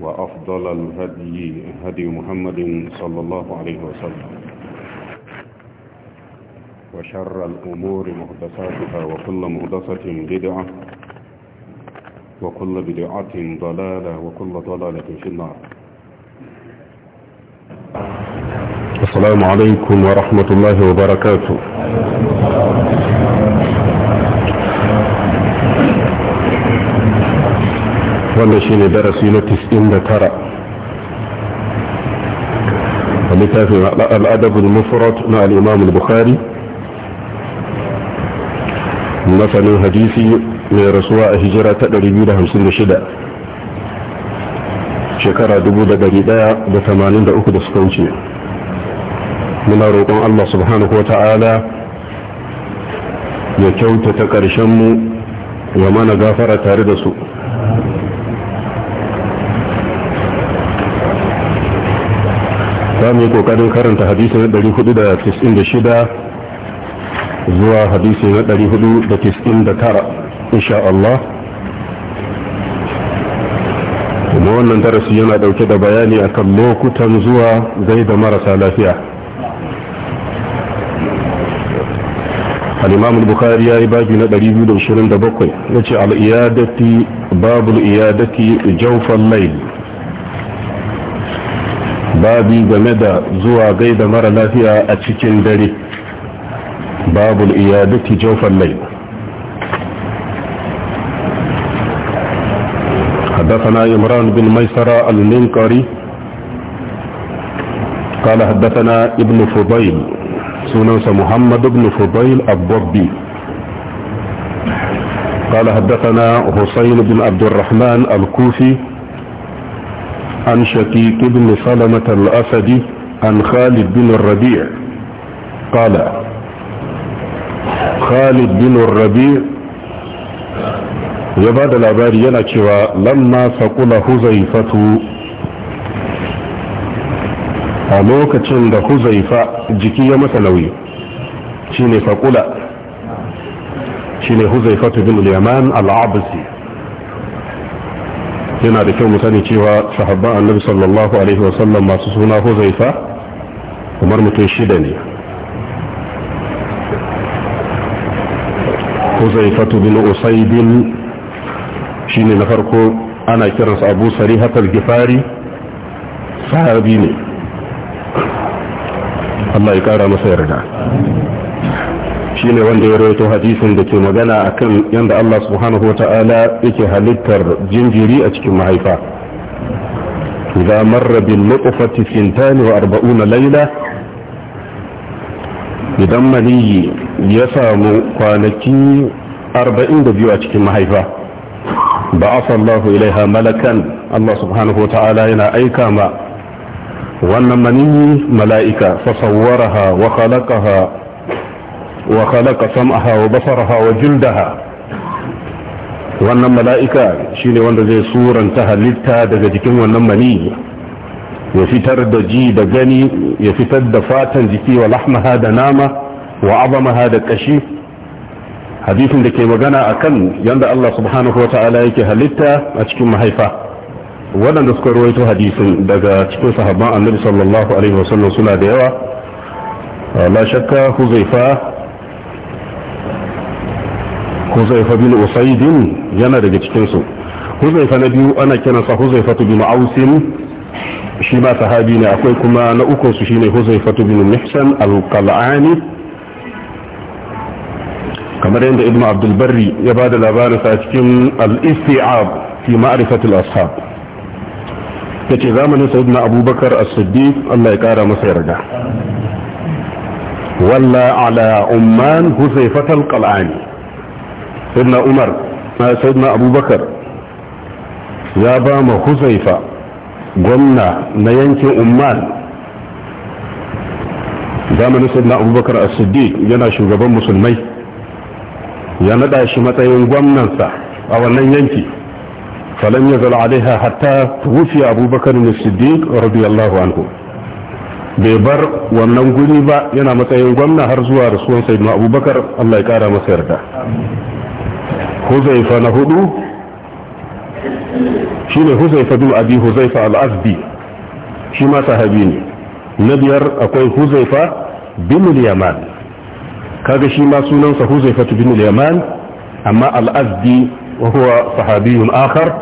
وأفضل الهدي هدي محمد صلى الله عليه وسلم وشر الأمور مهدساتها وكل مهدسة بدعة وكل بدعة ضلالة وكل ضلالة في النار السلام عليكم ورحمة الله وبركاته wanda shi ne darasi na 99 a littafin al'adabin mufrat na al'imam bukhari masanin hadisi mai rasuwa a hijira ta 256 shekara 1183 da suka wuce muna roƙon allah subhanahu wa ta'ala ya kyautata ƙarshenmu ya mana gafara tare da su za mu yi kokarin karanta hadisi na 496 zuwa hadisi na 499 insha Allah kuma wannan darasi yana dauke da bayani akan lokutan zuwa gaida marasa lafiya الإمام البخاري يا إباجي ندري بيد وشرين دبقوي يتي على إيادتي باب الإيادة جوف الليل babi game da zuwa gaida mara lafiya a cikin dare babul iyadati jawfan lai حدثنا عمران بن ميسرة المنكري قال حدثنا ابن فضيل سننس محمد بن فضيل الضبي قال حدثنا حسين بن عبد الرحمن الكوفي عن شقيق بن سلمة الأسدي عن خالد بن الربيع قال خالد بن الربيع يباد العبار ينكوى لما سقل حزيفة أموك تند حزيفة جكية مثلوية شيني فقل شيني حزيفة بن اليمان العبسي yana da kyau mu sani cewa sahabban annabi sallallahu alaihi wasallam masu suna huzaifa kamar mutum shida ne huzaifatu bin usaidin shine na farko ana kiransa abu sarihatar gifari sahabi ne Allah ya kara masa yarda shine wanda ya rawaito hadisin da ke magana akan yanda Allah subhanahu wata'ala yake halittar jinjiri a cikin mahaifa idza marra bil nutfati sintani wa arba'una Laila. idan maniyi ya samu kwanaki biyu a cikin mahaifa ba'atha Allah ilaiha malakan Allah subhanahu wata'ala yana aika ma wannan maniyi mala'ika fa wa khalaqaha وخلق سمعها وبصرها وجلدها wannan mala'ika shine wanda zai suranta halitta daga jikin wannan mani ya fitar da ji da gani ya fitar da fatan jiki wa lahmaha da nama wa abamaha da kashi hadisin da ke magana akan yanda Allah subhanahu wa ta'ala yake halitta a cikin mahaifa waɗanda suka ruwaito hadisin daga cikin sahabban annabi sallallahu alaihi wasallam suna da yawa la shakka huzaifa huzaifa bin usaidin yana daga cikinsu huzaifa na biyu ana kiransa huzaifa bin ausin shi ma sahabi ne akwai kuma na uku su shine huzaifa bin mihsan al-qal'ani kamar yadda ibn abdul barri ya ba da labarin sa cikin al-isti'ab fi ma'rifatul ashab yace zamanin sayyidina abubakar as-siddiq Allah ya kara masa yarda walla ala umman huzaifa al-qal'ani sayyidina umar sayyidina abubakar ya ba ma huzaifa gwamna na yankin umman zamanin sayyidina abubakar as-siddiq yana shugaban musulmai ya naɗa shi matsayin gwamnansa a wannan yanki فلم يزل عليها حتى توفي أبو بكر الصديق رضي الله عنه بيبر wannan guri ba yana matsayin gwamna har zuwa rasuwar sayyidina abubakar Allah ya kara masa yarda huzaifa na hudu shi ne huzaifa bin abi huzaifa al shi ma sahabi ne na biyar akwai huzaifa bin yaman kaga shi ma sunansa huzaifa bin yaman amma al-azdi wa sahabiyun akhar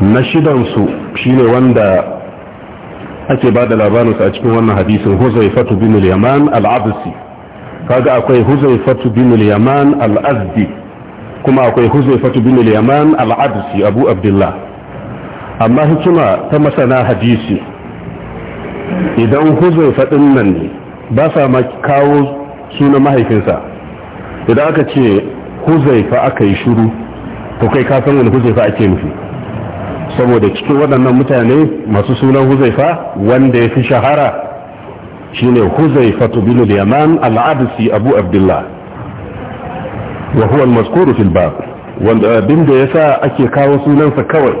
na shidan su shine wanda ake ba da labarinsa a cikin wannan hadisin huzaifa bin yaman al kaga akwai huzaifatu bin yaman al-azdi kuma akwai huzaifatu bin yaman al-adsi abu abdullah amma hikima ta masana hadisi idan huzaifa din nan ne ba sa ma kawo sunan mahaifinsa idan aka ce huzaifa aka yi shiru to kai ka san wani huzaifa ake nufi saboda cikin waɗannan mutane masu sunan huzaifa wanda ya fi shahara shine huzaifatu bin al-yaman al-absi abu abdullah wa huwa al-mazkur fi bab wanda abin da yasa ake kawo sunansa kawai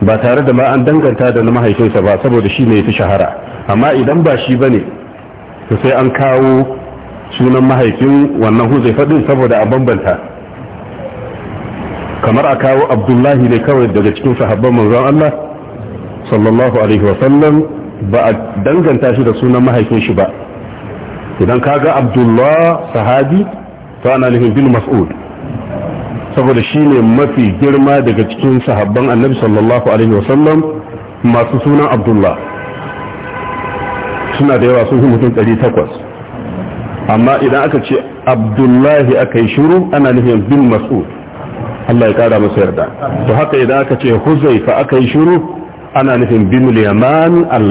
ba tare da ma an danganta da na mahaifinsa ba saboda shi ne yafi shahara amma idan ba shi bane to sai an kawo sunan mahaifin wannan huzaifa din saboda a bambanta kamar a kawo abdullahi ne kawai daga cikin sahabban manzon Allah sallallahu alaihi wa sallam ba a danganta shi da sunan mahaifin shi ba idan kaga abdullah sahabi to ana nufin bin mas'ud saboda shi ne mafi girma daga cikin sahabban annabi sallallahu alaihi wasallam masu sunan abdullah suna da yawa sun fi mutum 800 amma idan aka ce abdullahi aka yi shuru ana nufin bin mas'ud Allah ya kara masa yarda to haka idan aka ce Huzai fa aka yi shuru ana nufin bin yaman al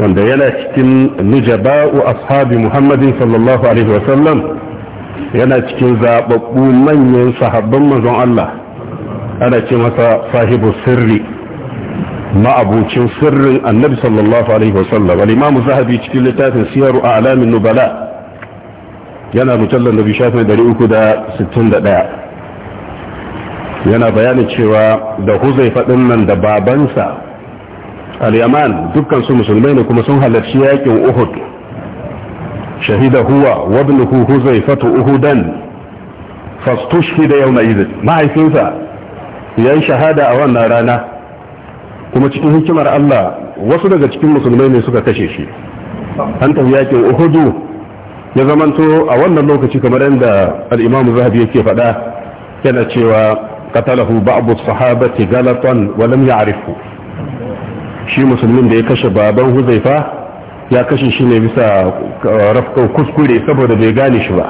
wanda yana cikin nijaba'u ashabi muhammadin sallallahu alaihi wasallam yana cikin zababbu manyan sahabban manzon Allah ana ce masa sahibu sirri ma'abucin sirrin annabi sallallahu alaihi wasallam al-imam zahabi cikin littafin siyaru a'lamin nubala yana mutallar nabi shafin 361 yana bayani cewa da huzai faɗin nan da babansa al-yaman dukkan su musulmai ne kuma sun halarci yakin uhud shahida huwa wabnuhu huzai fatu uhudan yau na idh mahaifinsa ya yi shahada a wannan rana kuma cikin hikimar Allah wasu daga cikin musulmai ne suka kashe shi an tafi yakin uhudu ya zamanto a wannan lokaci kamar yadda al zahab zahabi yake faɗa yana cewa qatalahu ba'd as-sahabati galatan wa lam ya'rifu shi musulmin da ya kashe baban huzaifa ya kashe shi ne bisa rafkan kuskure saboda bai gane shi ba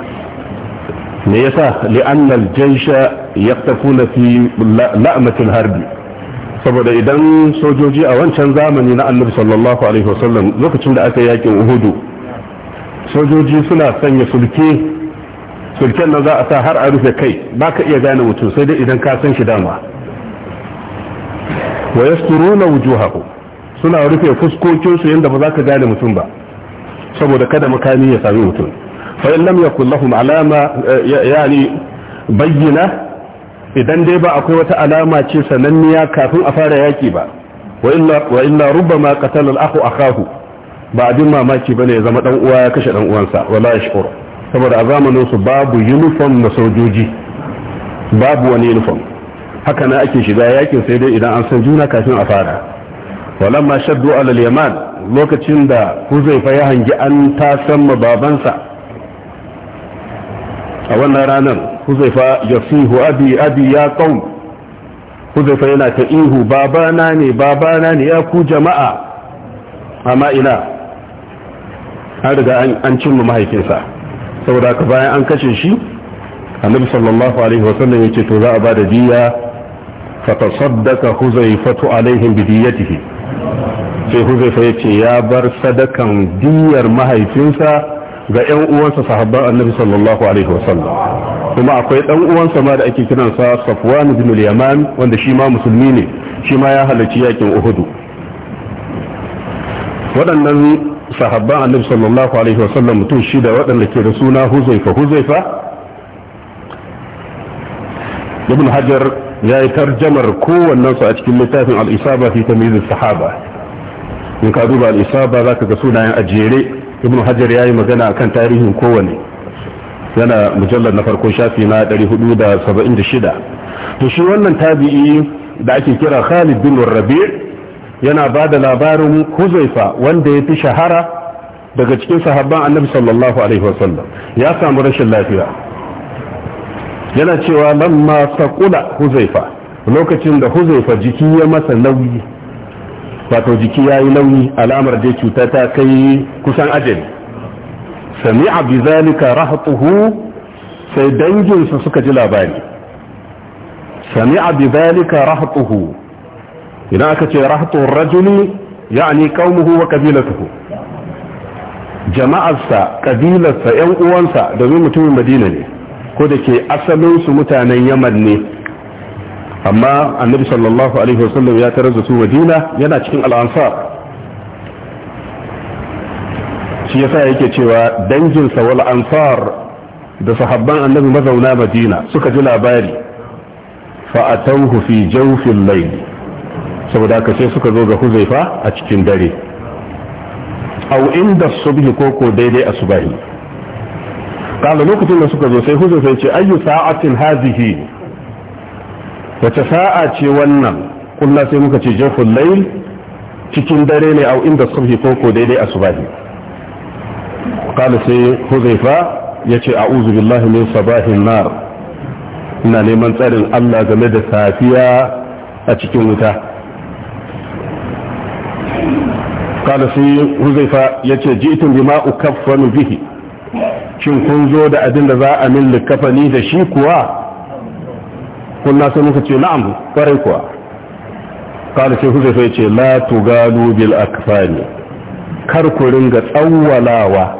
me yasa li'anna al-jaysha yaqtafuna fi la'matil harbi saboda idan sojoji a wancan zamani na annabi sallallahu alaihi lokacin da aka yakin uhudu sojoji suna sanya sulke sulken nan za a sa har a rufe kai ba ka iya gane mutum sai dai idan ka san shi dama wa yasturuna haku suna rufe fuskokinsu yadda ba za ka gane mutum ba saboda kada makami ya sami mutum fa in lam yakul lahum alama eh, bayyana idan dai ba akwai wata alama ce sananniya kafin a fara yaki ba wa illa wa ma rubbama qatala akahu ba abin mamaki ba ne ya zama dan uwa ya kashe dan uwansa wala yashkuru saboda a zamanin su babu uniform na sojoji babu wani uniform haka na ake shiga yakin sai dai idan an san juna kafin a fara walamma shaddu alal yaman lokacin da huzaifa ya hangi an tasan babansa a wannan ranar huzaifa ya abi abi ya qaum huzaifa yana ta ihu babana ne babana ne ya ku jama'a amma ina an riga an cimma mahaifinsa saboda ka bayan an kashe shi annabi sallallahu alaihi wa sallam yace to za a ba da diya fa tasaddaqa huzaifatu alaihim bi diyatihi sai huzaifa yace ya bar sadakan diyar mahaifinsa ga ƴan uwansa sahabban annabi sallallahu alaihi wa sallam kuma akwai ɗan uwansa ma da ake kiransa Safwan ibn al-Yaman wanda shi ma musulmi ne shi ma ya halarci yakin Uhud waɗannan sahabban annabi sallallahu alaihi wasallam mutum shida waɗanda ke da suna huzaifa huzaifa ibn hajar ya yi tarjamar su a cikin littafin Al-Isaba fi tamizin sahaba in ka duba al'isaba za ka ga sunayen a jere ibn hajar ya yi magana a kan tarihin kowane yana mujallar na farko shafi na 476 to shi wannan tabi'i da ake kira khalid bin rabi' yana ba da labarin huzaifa wanda ya fi shahara daga cikin sahabban annabi sallallahu alaihi wasallam ya samu rashin lafiya yana cewa masa kula huzaifa lokacin da huzaifa jiki ya masa nauyi wato jiki ya yi nauyi alamar da cuta ta kai kusan ajali sami abu zalika rahatuhu sai danginsa suka ji labari sami abu zalika rahatuhu idan aka ce rahatun rajuli ya'ani qaumuhu wa qabilatuhu jama'arsa kabilarsa yan uwansa domin mutumin madina ne ko da ke asalinsu mutanen yaman ne amma annabi sallallahu alaihi wasallam ya tarar da su madina yana cikin al'ansar shi yasa yake cewa danginsa wal ansar da sahabban annabi mazauna madina suka ji labari fa atawhu fi jawfil layl saboda haka sai suka zo ga huzaifa a cikin dare au inda subhi koko daidai a asubahi kala lokacin da suka zo sai huzaifa ce ayyu sa'atin hazihi wace sa'a ce wannan kullu sai muka ce jaful layl cikin dare ne au inda subhi koko daidai a asubahi kala sai huzaifa yace a'udhu billahi min sabahin nar ina neman tsarin Allah game da safiya a cikin wuta kala sai huzaifa ya ce bi bima ukaffanu bihi shin kun zo da abin da za a min likafani da shi kuwa kunna sai muka ce na'am kwarai kuwa kala sai huzaifa ya ce la tugalu bil akfani kar ku ringa tsawwalawa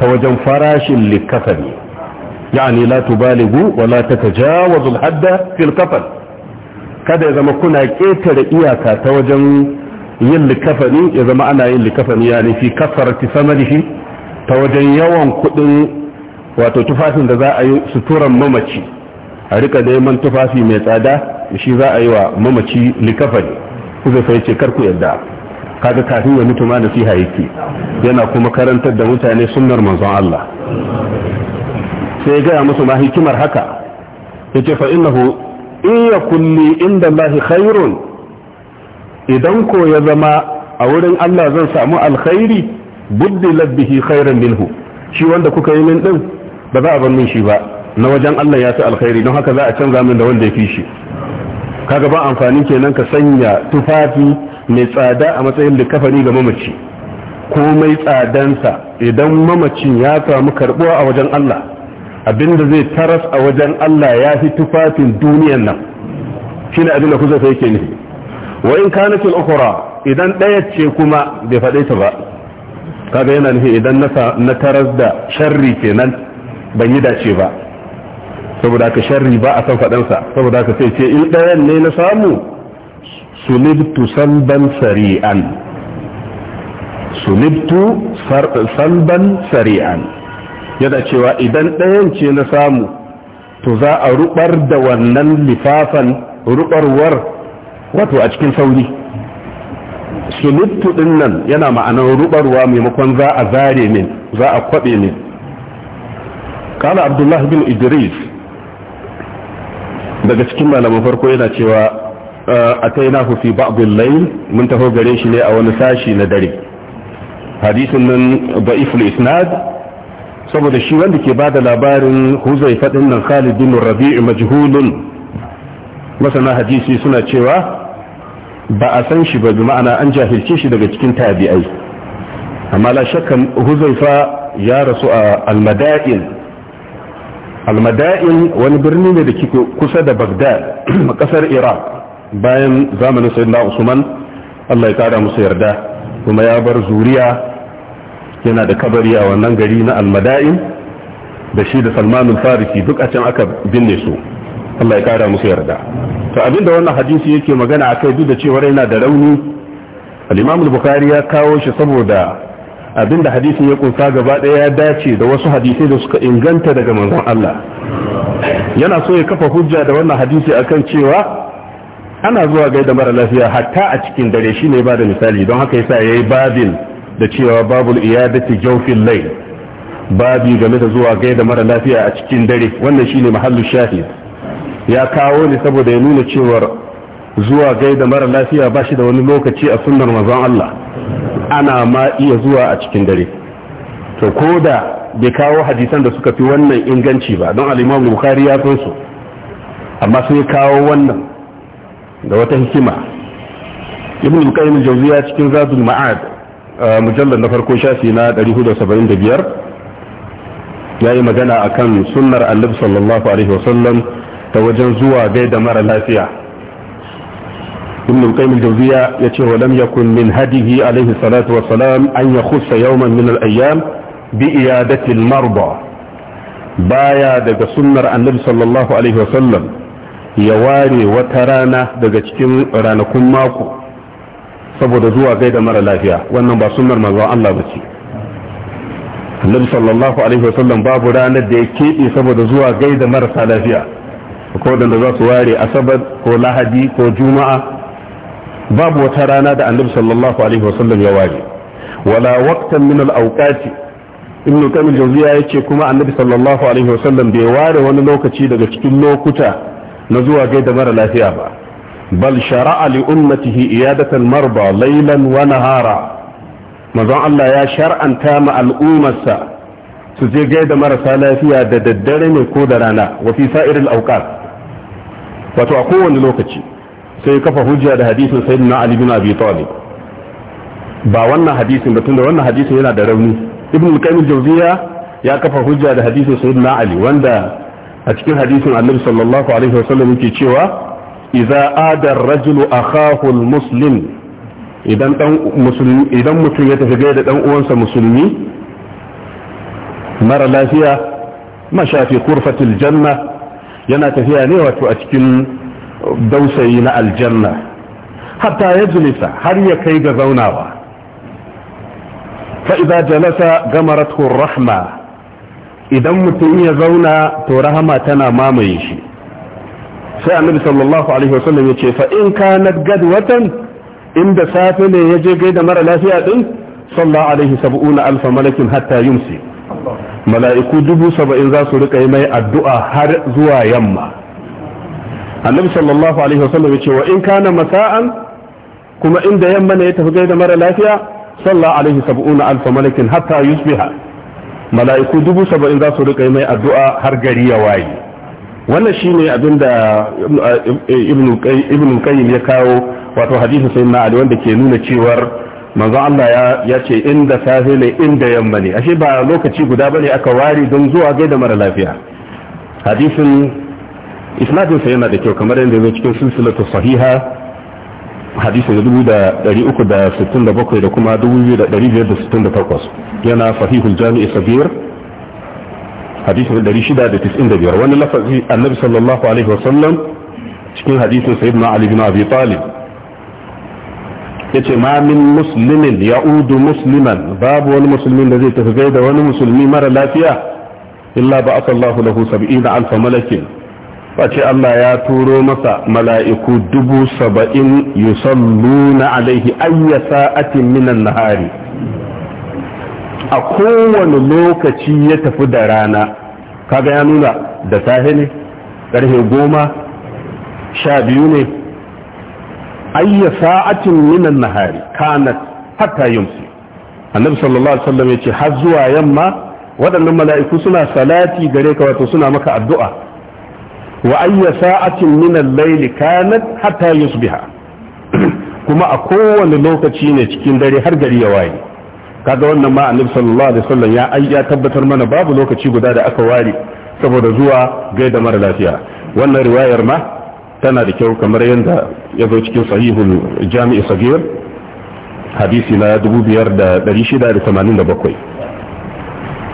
ta wajen farashin likafani yani la tubaligu wa la tatajawazu al hadda fil kafan kada ya zama kuna ketare iyaka ta wajen yin likafani ya zama ana yin likafani ya nufi kasar samarihi ta wajen yawan kudin wato tufafin da za a yi suturan mamaci a rika neman tufafi mai tsada shi za a yi wa mamaci likafani zai sai ce karku yadda kaga kafin ya mutu ma nasiha yake yana kuma karantar da mutane sunnar manzon Allah sai gaya musu ma hikimar haka yace fa innahu in ya kulle inda Allah khairun idan ko ya zama a wurin Allah zan samu alkhairi buddi labbihi khairan minhu shi wanda kuka yi min din ba za a bar min shi ba na wajen Allah ya fi alkhairi don haka za a canza min da wanda ya fi shi kaga ba amfani kenan ka sanya tufafi mai tsada a matsayin likafani ga mamaci komai tsadansa idan mamacin ya samu karbuwa a wajen Allah abinda zai taras a wajen Allah ya fi tufafin duniyan nan shine abin da kusa yake nufi wa in kanatil ukhra idan daya ce kuma bai faɗe ta ba kaga yana nufi idan na taras da sharri kenan ban yi dace ba saboda ka sharri ba a san faɗansa saboda ka sai ce in ɗayan ne na samu sunibtu salban sari'an sunibtu salban sari'an yana cewa idan ɗayan ce na samu to za a rubar da wannan lifafan rubarwar wato a cikin sauri suluttu din nan yana ma'anar rubarwa maimakon za a zare min za a kwaɓe min kala abdullahi bin idris daga cikin malaman farko yana cewa a ta na fi ba'abin mun taho gare shi ne a wani sashi na dare hadisin nan ba'iful isnad saboda shi wanda ke ba da labarin huzai faɗin nan khalid bin rabi'u majhulun masana hadisi suna cewa ba a san shi ba bi ma'ana an jahilce shi daga cikin tabi'ai amma la shakka huzaifa ya rasu a almada'in almada'in wani birni ne da ke kusa da bagdad a kasar iraq bayan zamanin sayyidina usman allah ya kara musu yarda kuma ya bar zuriya yana da kabari a wannan gari na almada'in da shi da salmanul farisi duk a can aka binne su Allah ya kara musu yarda to abinda wannan hadisi yake magana akai duk da cewa yana da rauni al-Imam al-Bukhari ya kawo shi saboda abinda hadisin ya kunsa gaba daya ya dace da wasu hadisai da suka inganta daga manzon Allah yana so ya kafa hujja da wannan hadisi akan cewa ana zuwa gaida mara lafiya hatta a cikin dare shine ba da misali don haka yasa yayi babin da cewa babul iyadati jawfil layl babi game da zuwa gaida mara lafiya a cikin dare wannan shine mahallu shahid ya kawo ne saboda ya nuna cewar zuwa gaida mara lafiya ba shi da wani lokaci a sunnar mazan Allah ana ma iya zuwa a cikin dare to ko da bai kawo hadisan da suka fi wannan inganci ba don al'imam bukari ya san su amma sai kawo wannan da wata hikima ibn qayyim jawziya cikin zadul ma'ad mujallal na farko shafi na 475 yayi magana akan sunnar annabi sallallahu alaihi wasallam ta wajen zuwa gai da mara lafiya ibn al-qayyim al-jawziya yace wa lam yakun min hadihi alayhi salatu wa salam an yakhussa yawman min al-ayyam bi iyadati al-marda baya daga sunnar annabi sallallahu alaihi wa sallam ya ware wata rana daga cikin ranakun mako saboda zuwa gai da mara lafiya wannan ba sunnar manzon Allah bace annabi sallallahu alaihi wa sallam babu ranar da ya keɓe saboda zuwa gai da marasa lafiya ko da za su ware asabar ko lahadi ko juma'a babu wata rana da annabi sallallahu alaihi wasallam ya ware wala waqtan min al-awqati ibn qayyim jawziya yace kuma annabi sallallahu alaihi wasallam bai ware wani lokaci daga cikin lokuta na zuwa gaida mara lafiya ba bal shara'a li ummatihi iyadatan marba laylan wa nahara manzon Allah ya shar'anta ma al'ummarsa su je gaida marasa lafiya da daddare ne ko da rana wa fi sa'iril awqat wato a kowane lokaci sai kafa hujja da hadisin sayyidina ali bin abi talib ba wannan hadisin ba tunda wannan hadisin yana da rauni ibn al-qayyim al-jawziya ya kafa hujja da hadisin sayyidina ali wanda a cikin hadisin annabi sallallahu alaihi wasallam yake cewa idza ada ar-rajulu akhahu al-muslim idan dan musulmi idan mutum ya tafi gaida dan uwansa musulmi mara lafiya mashafi kurfatil janna yana tafiya ne wato a cikin dausayi na aljanna hatta ya julisa har ya kai ga zaunawa fa'iza jalasa gamaratun rahma idan mutum ya zauna to rahama tana mamaye shi sai annabi sallallahu alaihi wasallam ya ce fa'in kanat watan? inda safe ne ya je gaida mara lafiya din sallallahu alaihi sabu'una alfa malakin hatta yumsi mala'iku dubu saba'in za su rika yi mai addu'a har zuwa yamma annabi sallallahu alaihi wasallam ya ce wa in kana masa'an kuma inda yamma ne ya tafi gaida mara lafiya salla alaihi sab'una alfa malakin hatta yusbiha mala'iku dubu saba'in za su rika yi mai addu'a har gari ya waye wannan shine abin da eh, Ibn qayyim ya kawo wato hadisin sayyidina ali wanda ke nuna cewar manzo Allah ya ce inda safe ne inda yamma ne ashe ba lokaci guda bane aka wari don zuwa da mara lafiya hadisin isnadin sa yana da kyau kamar yadda zai cikin silsilatu sahiha hadisin 367 da kuma 2568 yana sahihul jami'i sabir hadisin 695 wani lafazi annabi sallallahu alaihi wasallam cikin hadisin sayyidina ali bin abi talib yace ma min muslimin ya'udu musliman babu wani musulmin da zai tafi gaida wani musulmi mara lafiya illa ba asallahu lahu sab'ina alfa malakin ce Allah ya turo masa mala'iku dubu saba'in yusalluna alaihi ayya sa'atin minan nahari a kowane lokaci ya tafi da rana kaga ya nuna da safe ne ƙarfe goma sha biyu ne ayya sa'atin minan nahari kanat hatta yumsi annabi sallallahu alaihi wasallam har zuwa yamma waɗannan mala'iku suna salati gare ka wato suna maka addu'a wa ayya sa'atin minan layli kanat hatta yusbiha kuma a kowane lokaci ne cikin dare har gari ya waye kaga wannan ma annabi sallallahu alaihi ya tabbatar mana babu lokaci guda da aka ware saboda zuwa gaida mara lafiya wannan riwayar ma tana da kyau kamar yadda ya zo cikin sahihul jami'i sagir hadisi na 5687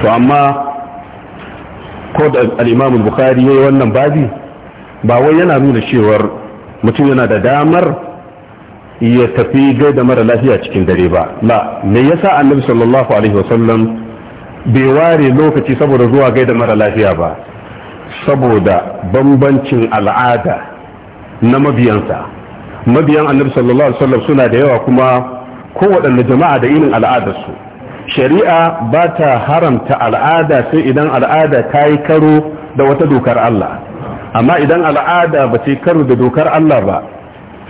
to amma ko da al'imamu bukari ya yi wannan babi ba wai yana nuna cewar mutum yana da damar ya tafi gai da mara lafiya cikin dare ba la me yasa annabi sallallahu alaihi wasallam bai ware lokaci saboda zuwa gai da mara lafiya ba saboda bambancin al'ada na mabiyansa mabiyan annabi sallallahu alaihi wasallam suna da yawa kuma kowaɗanne jama'a da irin al'adarsu shari'a ba ta haramta al'ada sai idan al'ada ta yi karo da wata dokar Allah amma idan al'ada ba yi karo da dokar Allah ba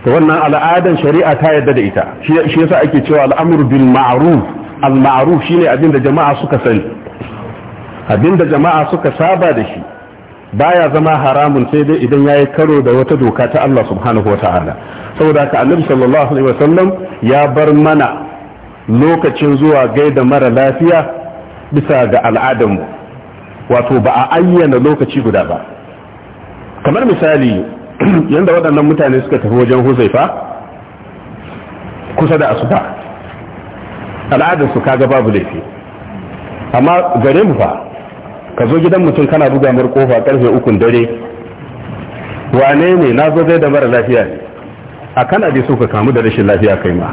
to wannan al'adan shari'a ta yarda da ita shi yasa ake cewa al'amru bil ma'ruf al ma'ruf shine abin da jama'a suka sani abin da jama'a suka saba da shi baya zama haramun sai dai idan yayi karo da wata doka ta Allah subhanahu wataala saboda ka annabi sallallahu alaihi wasallam ya bar mana lokacin zuwa gaida mara lafiya bisa ga al'adarmu wato ba a ayyana lokaci guda ba kamar misali yanda waɗannan mutane suka tafi wajen huzaifa kusa da asuba su kaga babu laifi amma gare mu fa ka zo gidan mutum kana buga mar kofa karfe ukun dare wane ne na zo zai da mara lafiya ne a kan abi ka kamu da rashin lafiya kai ma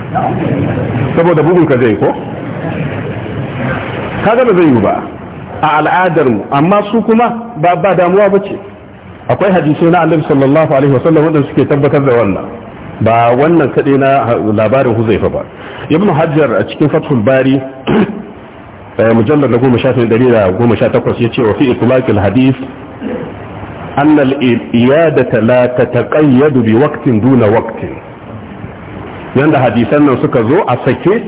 saboda bugun ka zai ko ka ba zai yi ba a al'adar mu amma su kuma ba ba damuwa ce akwai hadisi na annabi sallallahu alaihi wasallam wanda suke tabbatar da wannan ba wannan kadai na labarin huzaifa ba ibnu hajjar a cikin fathul bari Eh, mujallar da goma shafin dari da goma sha takwas ya ce wa fi itulakil hadis an da la ta taƙayyadu bi waktin duna waktin yanda hadisan nan suka zo a sake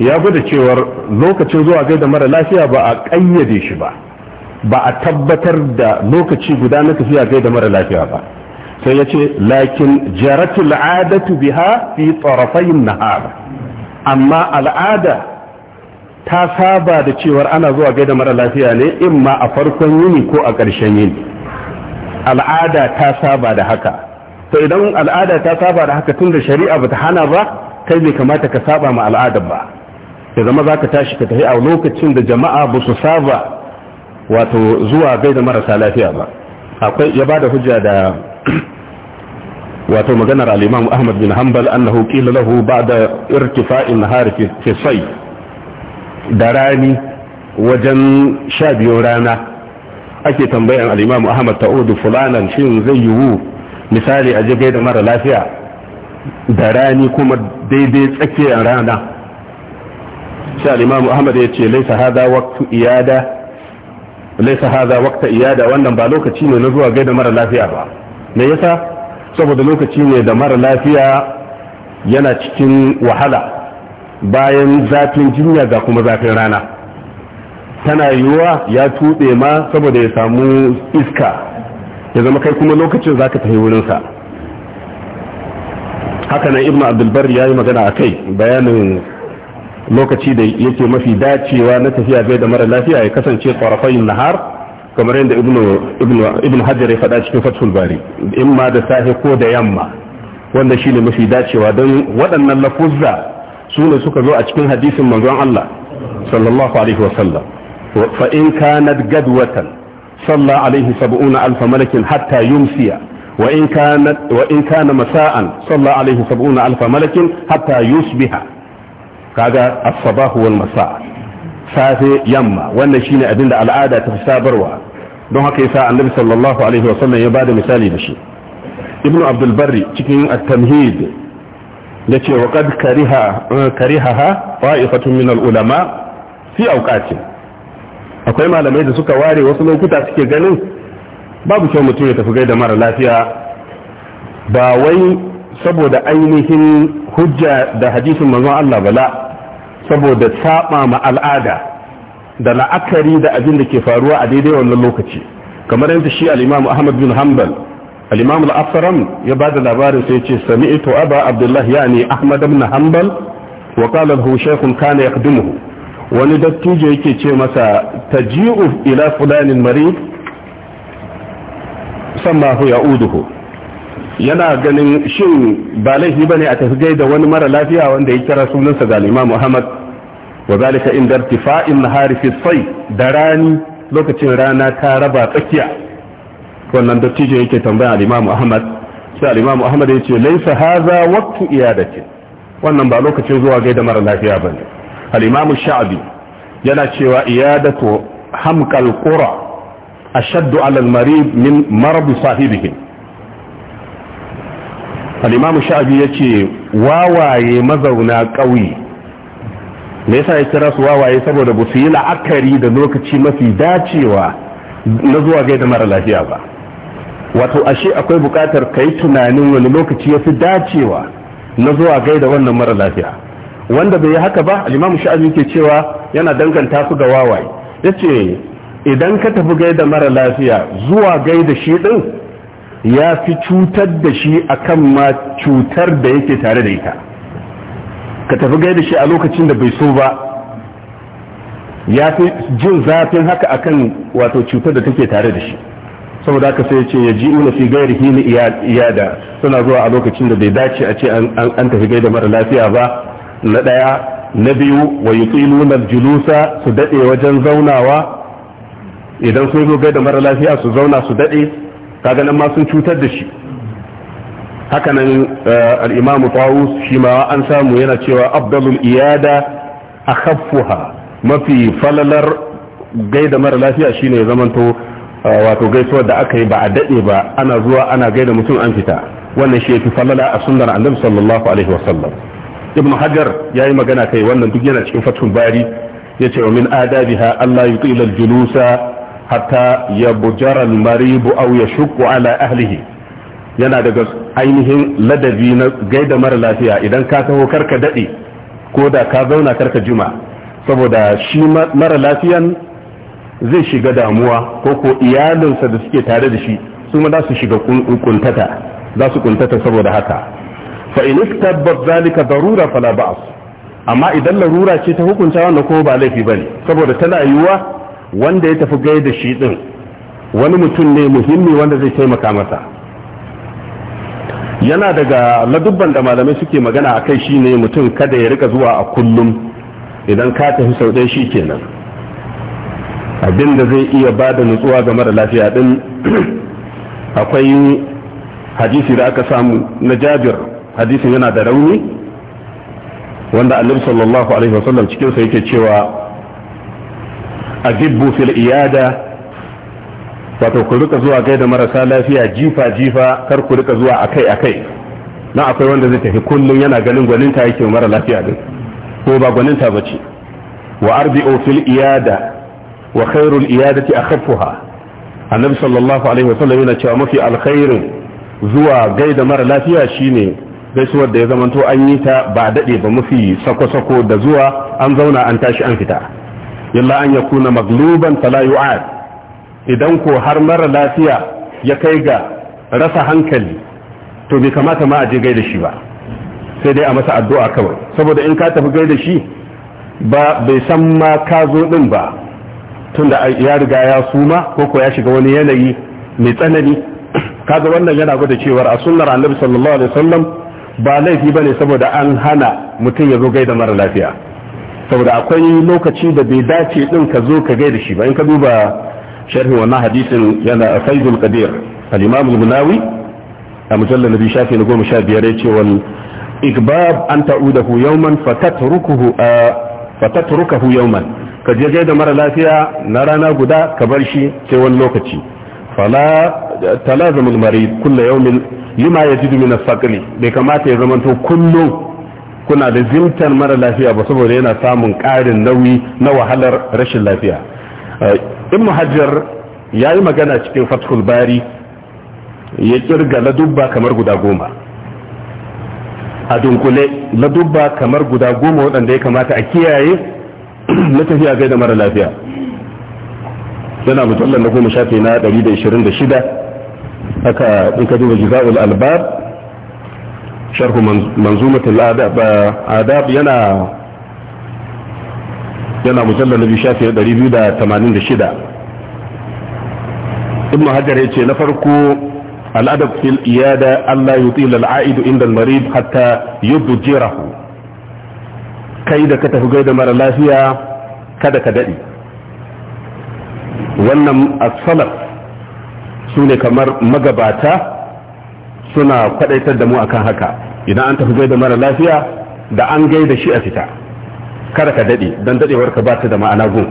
ya gwada cewar lokacin zuwa gai da mara lafiya ba a ƙayyade shi ba ba a tabbatar da lokaci guda na tafiya gai da mara lafiya ba sai ya ce lakin jaratul adatu biha fi tsarafayin nahar amma al'ada ta saba da cewar ana zuwa gaida mara lafiya ne in ma a farkon yini ko a ƙarshen yini al'ada ta saba da haka to idan al'ada ta saba da haka tun da shari'a bata hana ba kai ne kamata ka saba ma al'ada ba Da zama za ka tashi ka tafi a lokacin da jama'a ba su saba wato zuwa gaida marasa lafiya ba akwai ya ba da hujja da wato maganar alimam ahmad bin hanbal annahu qila lahu ba'da irtifa'in nahar fi sayf da rani wajen sha biyu rana ake tambayan al'imamu ahmad ta'udu fulanan shin zai yiwu misali a jirgai da mara lafiya da rani kuma daidai tsakiyar rana shi al'imamu ahmad ya ce laisa hada waktu iyada laisa hada wakta iyada wannan ba lokaci ne na zuwa gaida mara lafiya ba me yasa saboda lokaci ne da mara lafiya yana cikin wahala bayan zafin jinya ga kuma zafin rana tana yiwuwa ya tuɗe ma saboda ya samu iska ya zama kai kuma lokacin za ka tafi wurinsa haka nan ibn abdulbar ya yi magana a kai bayanin lokaci da yake mafi dacewa na tafiya bai da mara lafiya ya kasance tsarafayin nahar kamar yadda ibn hajjar ya faɗa cikin fatul bari in ma da safe ko da yamma wanda shine mafi dacewa don waɗannan lafuzza su ne suka zo a cikin hadisin manzon Allah sallallahu alaihi wasallam fa in kanat gadwatan salla alaihi sab'una alf malakin hatta yumsiya wa in kanat wa in kana masa'an salla alaihi sab'una alf malakin hatta yusbiha kaga as-sabah wal masa safe yamma wannan shine abin da al'ada ta sabarwa don haka yasa annabi sallallahu alaihi wasallam ya bada misali da shi ibnu abdul barri cikin at-tamhid da ce wa kad ha fa'ifatun min ulama fi auqatin akwai malamai da suka ware wasu lokuta suke ganin babu kyau mutum ya tafi gai da mara lafiya ba wai saboda ainihin hujja da hadisin manzo Allah bala saboda saba ma al'ada da la'akari da abin da ke faruwa a daidai wannan lokaci kamar yadda shi al Ahmad bin Hanbal al-imam al-afram ya bada labarin sai ce sami'tu aba abdullah yani ahmad ibn hanbal wa qala lahu shaykhun kana yaqdimuhu wani dattijo yake ce masa taji'u ila fulanin marid sammahu yana ganin shin ba laifi ne a tafi gaida wani mara lafiya wanda ya kira sunansa ga imam muhammad wa zalika inda irtifa'in da rani lokacin rana ka raba tsakiya wannan dattijo yake tambaya al-Imam Ahmad sai al-Imam Ahmad ya ce hadha waqtu iyadati wannan ba lokacin zuwa gaida mara lafiya bane al-Imam Sha'bi yana cewa iyadatu hamqal qura ashaddu 'ala al-marid min marad sahibihi al-Imam Sha'bi yace wawaye mazauna ƙauye me yasa ya kira su wawaye saboda ba yi la'akari da lokaci mafi dacewa na zuwa gaida mara lafiya ba wato ashe akwai bukatar ka yi tunanin wani lokaci ya fi dacewa na zuwa gaida wannan mara lafiya wanda bai yi haka ba alimamu sha'abi ke cewa yana danganta su ga wawaye ya ce idan ka tafi gaida mara lafiya zuwa gaida shi din ya fi cutar da shi akan ma cutar da yake tare da ita ka tafi gaida shi a lokacin da bai so ba ya fi jin zafin haka akan wato cutar da take tare da shi saboda haka sai ce ya ji una fi gairi hili iyada suna zuwa a lokacin da bai dace a ce an tafi gaida mara lafiya ba na ɗaya na biyu wa na julusa su daɗe wajen zaunawa idan sun zo gaida mara lafiya su zauna su daɗe kaga nan ma sun cutar da shi hakanan eh, al'imamu tawus shi ma an samu yana cewa abdalul iyada a mafi falalar gaida mara lafiya shine ya zamanto wato gaisuwar da aka yi ba a daɗe ba ana zuwa ana gaida mutum an fita wannan shi yafi falala a sunnar annabi sallallahu alaihi sallam ibn hajar yayi magana kai wannan duk yana cikin fathul bari yace wa min adabiha Allah yutila al-julusa hatta yabjara al-maribu aw yashqu ala ahlihi yana daga ainihin ladabi na gaida mara lafiya idan ka taho karka daɗe ko da ka zauna karka juma saboda shi mara lafiyan zai shiga damuwa ko ko iyalinsa da suke tare da shi su ma za su shiga kuntata za su kuntata saboda haka fa in istabbat zalika darura fala ba'as amma idan larura ce ta hukunta wannan ko ba laifi bane saboda tana yiwuwa wanda ya tafi gaida shi din wani mutum ne muhimmi wanda zai taimaka masa yana daga ladubban da malamai suke magana akai shine mutum kada ya rika zuwa a kullum idan ka tafi sau ɗaya shi kenan abin da zai iya ba da nutsuwa ga mara lafiya din akwai hadisi da aka samu na jabir hadisin yana da rauni wanda annabi sallallahu alaihi wasallam cikin sa yake cewa ajibbu fil iyada wato ku rika zuwa da marasa lafiya jifa jifa kar ku rika zuwa akai akai na akwai wanda zai tafi kullum yana ganin gwaninta yake mara lafiya din ko ba gwaninta bace wa arbi fil iyada wa khairul iyadati akhaffuha annabi sallallahu alaihi wasallam yana cewa mafi alkhairin zuwa gaida mara lafiya shine gaisuwar da ya zamanto an yi ta ba daɗe ba mafi sako-sako da zuwa an zauna an tashi an fita illa an ya kuna magluban fala yu'ad idan ko har mara lafiya ya kai ga rasa hankali to bai kamata ma a je gaida shi ba sai dai a masa addu'a kawai saboda in ka tafi gaida shi ba bai san ma ka zo din ba tunda ya riga ya suma ko ko ya shiga wani yanayi mai tsanani kaga wannan yana gwada cewar a sunnar annabi sallallahu alaihi wasallam ba laifi bane saboda an hana mutum ya zo da mara lafiya saboda akwai lokaci da bai dace din ka zo ka gai da shi ba in ka duba sharhi wannan hadisin yana faizul qadir al-imam al-munawi a mujallal nabi shafi na goma sha biyar ya ce wal ikbab an ta'udahu yawman fatatrukuhu fatatrukuhu yawman ka je gai da mara lafiya na rana guda ka bar shi sai wani lokaci fala talazumul marid kullu yawmin lima yajidu min asqali bai kamata ya zamanto kullum kuna da zimtar mara lafiya ba saboda yana samun ƙarin nauyi na wahalar rashin lafiya eh, in muhajjar ya yi magana cikin fathul bari ya kirga ladubba kamar guda goma a dunkule ladubba kamar guda goma waɗanda ya kamata a kiyaye na tafiya kai da mara lafiya yana mutallar na goma shafi na 126 haka in ka duba jiza'ul albab sharhu manzumatul eh, adab yana yana mujallar na biyu shafi 286 ibn hajar ya ce na farko al'adab fil iyada allah yutil al'aidu inda al-marid hatta yubjirahu kai da ka tafi gaida mara lafiya kada ka daɗe wannan asalaf su ne kamar magabata suna kwadaitar da mu akan haka idan an tafi gaida mara lafiya da an gaida shi a fita kada ka daɗe don daɗewar ka bata da ma'ana gun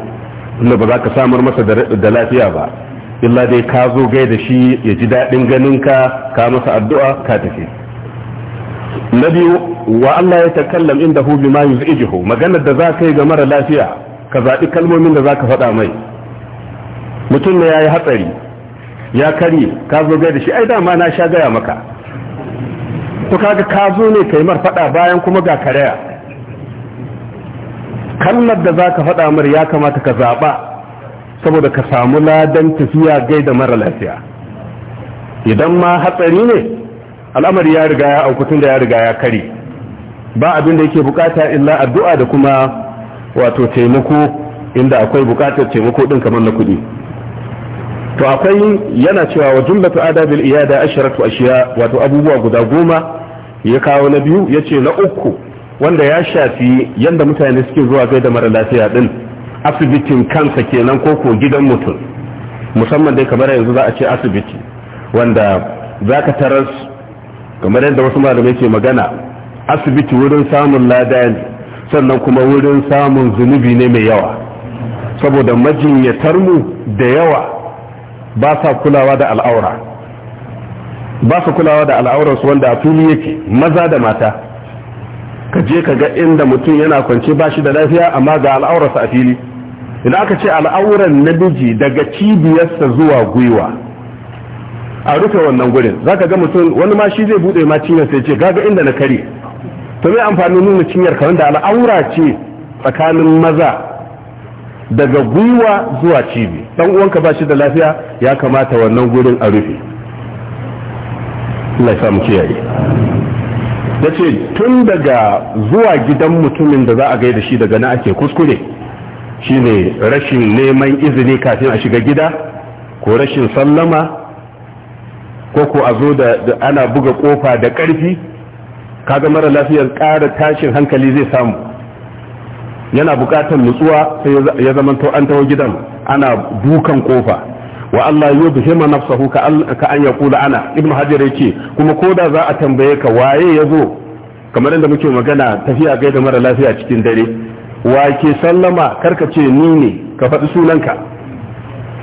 inda ba za ka samar masa da lafiya ba illa dai ka zo gaida shi ya ji daɗin ganin ka ka masa addu'a ka tafi na biyu wa Allah ya takallam inda hu bima yuzijihu maganar da za ka ga mara lafiya ka zaɓi kalmomin da za ka faɗa mai mutum ne ya yi hatsari ya karye, ka zo da shi ai dama na sha gaya maka to kaga ka zo ne kai mar faɗa bayan kuma ga karaya kalmar da za ka faɗa mar ya kamata ka zaɓa saboda ka samu ladan tafiya gaida mara lafiya idan ma hatsari ne al'amari ya riga ya auku da ya riga ya kare ba abin da yake bukata illa addu'a da kuma wato taimako inda akwai bukatar taimako din kamar na kuɗi to akwai yana cewa wa jumlatu adabil iyada asharatu ashiya wato abubuwa guda goma ya kawo na biyu yace na uku wanda ya shafi yadda mutane suke zuwa gaida mara lafiya din asibitin kansa kenan ko ko gidan mutum musamman dai kamar yanzu za a ce asibiti wanda za zaka tarar kamar yadda wasu malamai ke magana asibiti wurin samun lada ne sannan kuma wurin samun zunubi ne mai yawa saboda majinyatar mu da yawa ba sa kulawa da al'aura ba sa kulawa da al'auransu wanda a fili yake maza da mata ka je ka ga inda mutum yana kwance ba shi da lafiya amma ga al'aurarsa a fili idan aka ce al'auran namiji daga cibiyarsa zuwa gwiwa a rufe wannan gurin za ka ga mutum wani ma shi zai bude ma cinyar sai ce gaga inda na kare to me amfani nuna cinyar ka da al'aura ce tsakanin maza daga gwiwa zuwa cibi dan uwanka ba shi da lafiya ya kamata wannan gurin a rufe Allah ya samu kiyaye ce tun daga zuwa gidan mutumin da za a gaida shi daga na ake kuskure shine rashin neman izini kafin a shiga gida ko rashin sallama ko ko a zo da ana buga kofa da ƙarfi kaga mara lafiyar ƙara tashin hankali zai samu yana buƙatar nutsuwa sai ya to an tawo gidan ana dukan kofa wa Allah yau bihima nafsahu ka an ya kula ana ibn hajar yake kuma ko da za a tambaye ka waye ya zo kamar inda muke magana tafiya gaida mara lafiya cikin dare wa ke sallama karka ce ni ne ka faɗi sunanka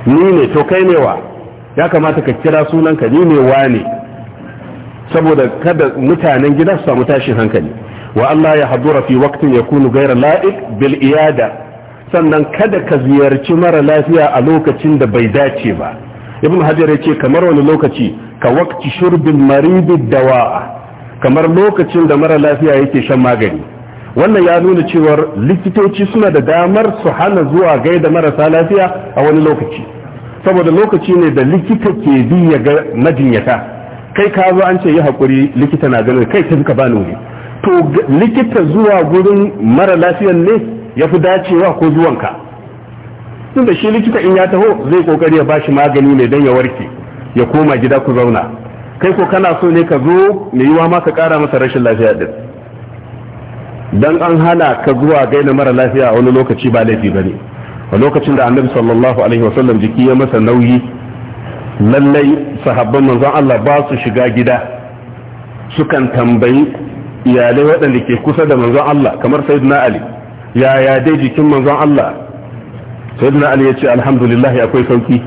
ni ne to kai ne wa ya kamata ka kira sunanka ni ne wane saboda kada mutanen gida su samu tashin hankali wa Allah ya hadura fi waqtin yakunu ghayra la'iq bil iyada sannan kada ka ziyarci mara lafiya a lokacin da bai dace ba ibn hajar yace kamar wani lokaci ka waqti shurbil marid dawa'a kamar lokacin da mara lafiya yake shan magani wannan ya nuna cewar likitoci suna da damar su hana zuwa gaida marasa lafiya a wani lokaci saboda lokaci ne da likita ke bi ya ga majinyata kai ka zo an ce yi hakuri likita na ganin kai ta ka bani wuri to likita zuwa gurin mara lafiyan ne ya fi dacewa ko zuwanka tunda shi likita in ya taho zai kokari ya bashi magani ne don ya warke ya koma gida ku zauna kai ko kana so ne ka zo mai yiwa ma ka kara masa rashin lafiya din dan an hana ka zuwa gaina mara lafiya a wani lokaci ba laifi bane a lokacin da annabi sallallahu alaihi wasallam jiki ya masa nauyi lallai sahabban manzon Allah ba su shiga gida sukan tambayi iyalai waɗanda ke kusa da manzon Allah kamar sayyidina Ali ya dai jikin manzon Allah sayyidina Ali ya ce alhamdulillah akwai sauki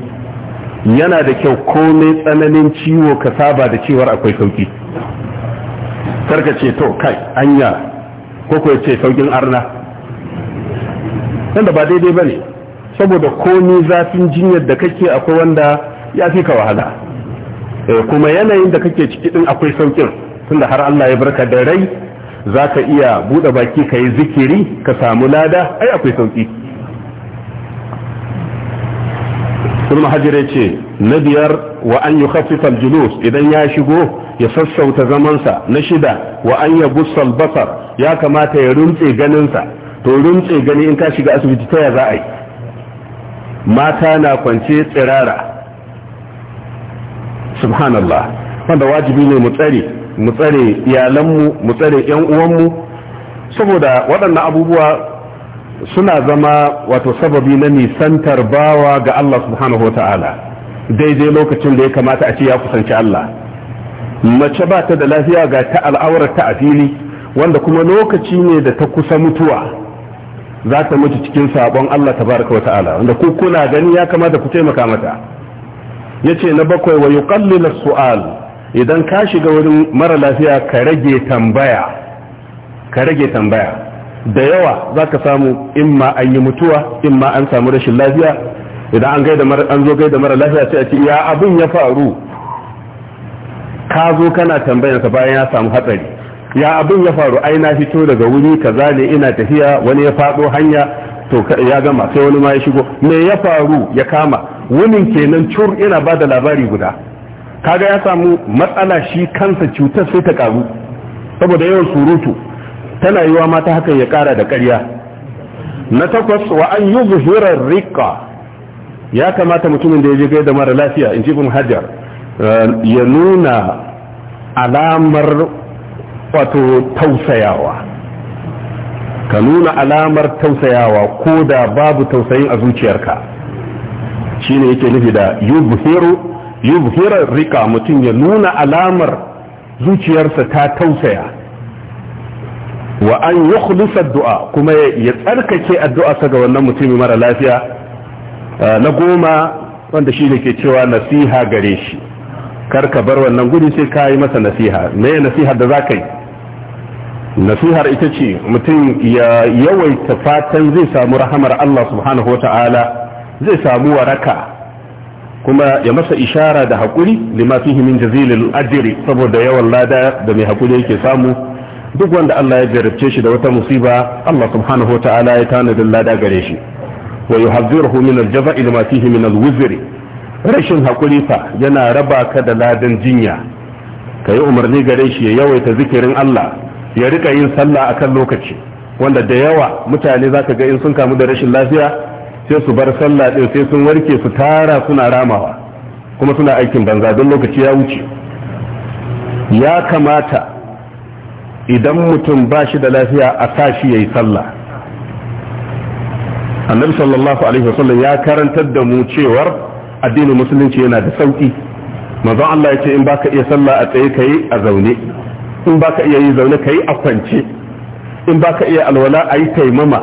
yana da kyau ko komai tsananin ciwo ka saba da cewar akwai sauki karka ce to kai anya ko ko ce saukin arna wanda ba daidai bane saboda komi zafin jinyar da kake akwai wanda ya fi ka wahala eh, kuma yanayin da kake ciki din akwai saukin tunda har Allah ya barka da rai za ka iya buɗe baki ka yi zikiri ka samu lada ai akwai sauki sun mahajire ce, na biyar wa an yi julus idan ya shigo ya sassauta zamansa na shida wa an yi al-basar ya kamata ya runtse ganinsa to runtse gani in ka shiga asibiti ta ya za a yi mata na kwance tsirara subhanallah wanda wajibi ne mu tsare mu tsare iyalanmu mu tsare yan uwanmu saboda waɗannan abubuwa suna zama wato sababi na nisantar bawa ga Allah subhanahu wata'ala daidai lokacin da ya kamata a ce ya kusanci Allah mace ba ta da lafiya ga ta al'aurar ta a fili wanda kuma lokaci ne da ta kusa mutuwa za ta mutu cikin sabon Allah tabaraka wa ta'ala wanda ku kuna gani ya kamata ku taimaka mata yace na bakwai wa yuqallilu su'al idan ka shiga wurin mara lafiya ka rage tambaya ka rage tambaya da yawa za ka samu imma an yi mutuwa imma an samu rashin lafiya idan an gaida mara an zo gaida mara lafiya sai a ce ya abin ya faru ka zo kana tambayarsa bayan ya samu hatsari ya abin ya faru ai na fito daga wuri kaza ne ina tafiya wani ya faɗo hanya to ya gama sai wani ma ya shigo me ya faru ya kama wunin kenan cur ina ba da labari guda kaga ya samu matsala shi kansa cutar sai ta karu saboda yawan surutu tana yiwa mata hakan ya kara da ƙarya na takwas wa an yi zuhirar rika ya kamata mutumin da ya je da mara lafiya in ji ibn hajar eh, ya nuna alamar wato tausayawa ka nuna alamar tausayawa ko da babu tausayin a zuciyarka shine yake nufi da yubhiru yubhira rika mutum ya nuna alamar zuciyarsa ta tausaya wa an yukhlisa du'a kuma ya tsarkake addu'arsa ga wannan mutumin mara lafiya na goma wanda shi ne ke cewa nasiha gare shi karka bar wannan guri sai ka yi masa nasiha me nasiha da za ka yi nasihar ita ce mutum ya yawaita fatan zai samu rahamar Allah subhanahu wa ta'ala zai samu waraka kuma ya masa ishara da hakuri lima fihi min jazilil saboda yawan lada da mai hakuri yake samu duk wanda Allah ya jarabce shi da wata musiba Allah subhanahu wa ta'ala ya da lada gare shi wa yuhadhiruhu min al-jaza'i lima fihi min al rashin hakuri fa yana raba ka da ladan jinya yi umarni gare shi ya yawaita zikirin Allah ya rika yin sallah akan lokaci wanda da yawa mutane za ka ga in sun kamu da rashin lafiya sai su bar sallah din sai sun warke su tara suna ramawa kuma suna aikin banza don lokaci ya wuce ya kamata idan mutum ba shi da lafiya a sa shi ya yi sallah annabi sallallahu alaihi wasallam ya karantar da mu cewar addinin musulunci yana da sauki manzon Allah ya ce in baka iya sallah a tsaye kai a zaune in baka iya yi zaune ka yi a kwance in baka iya alwala a yi taimama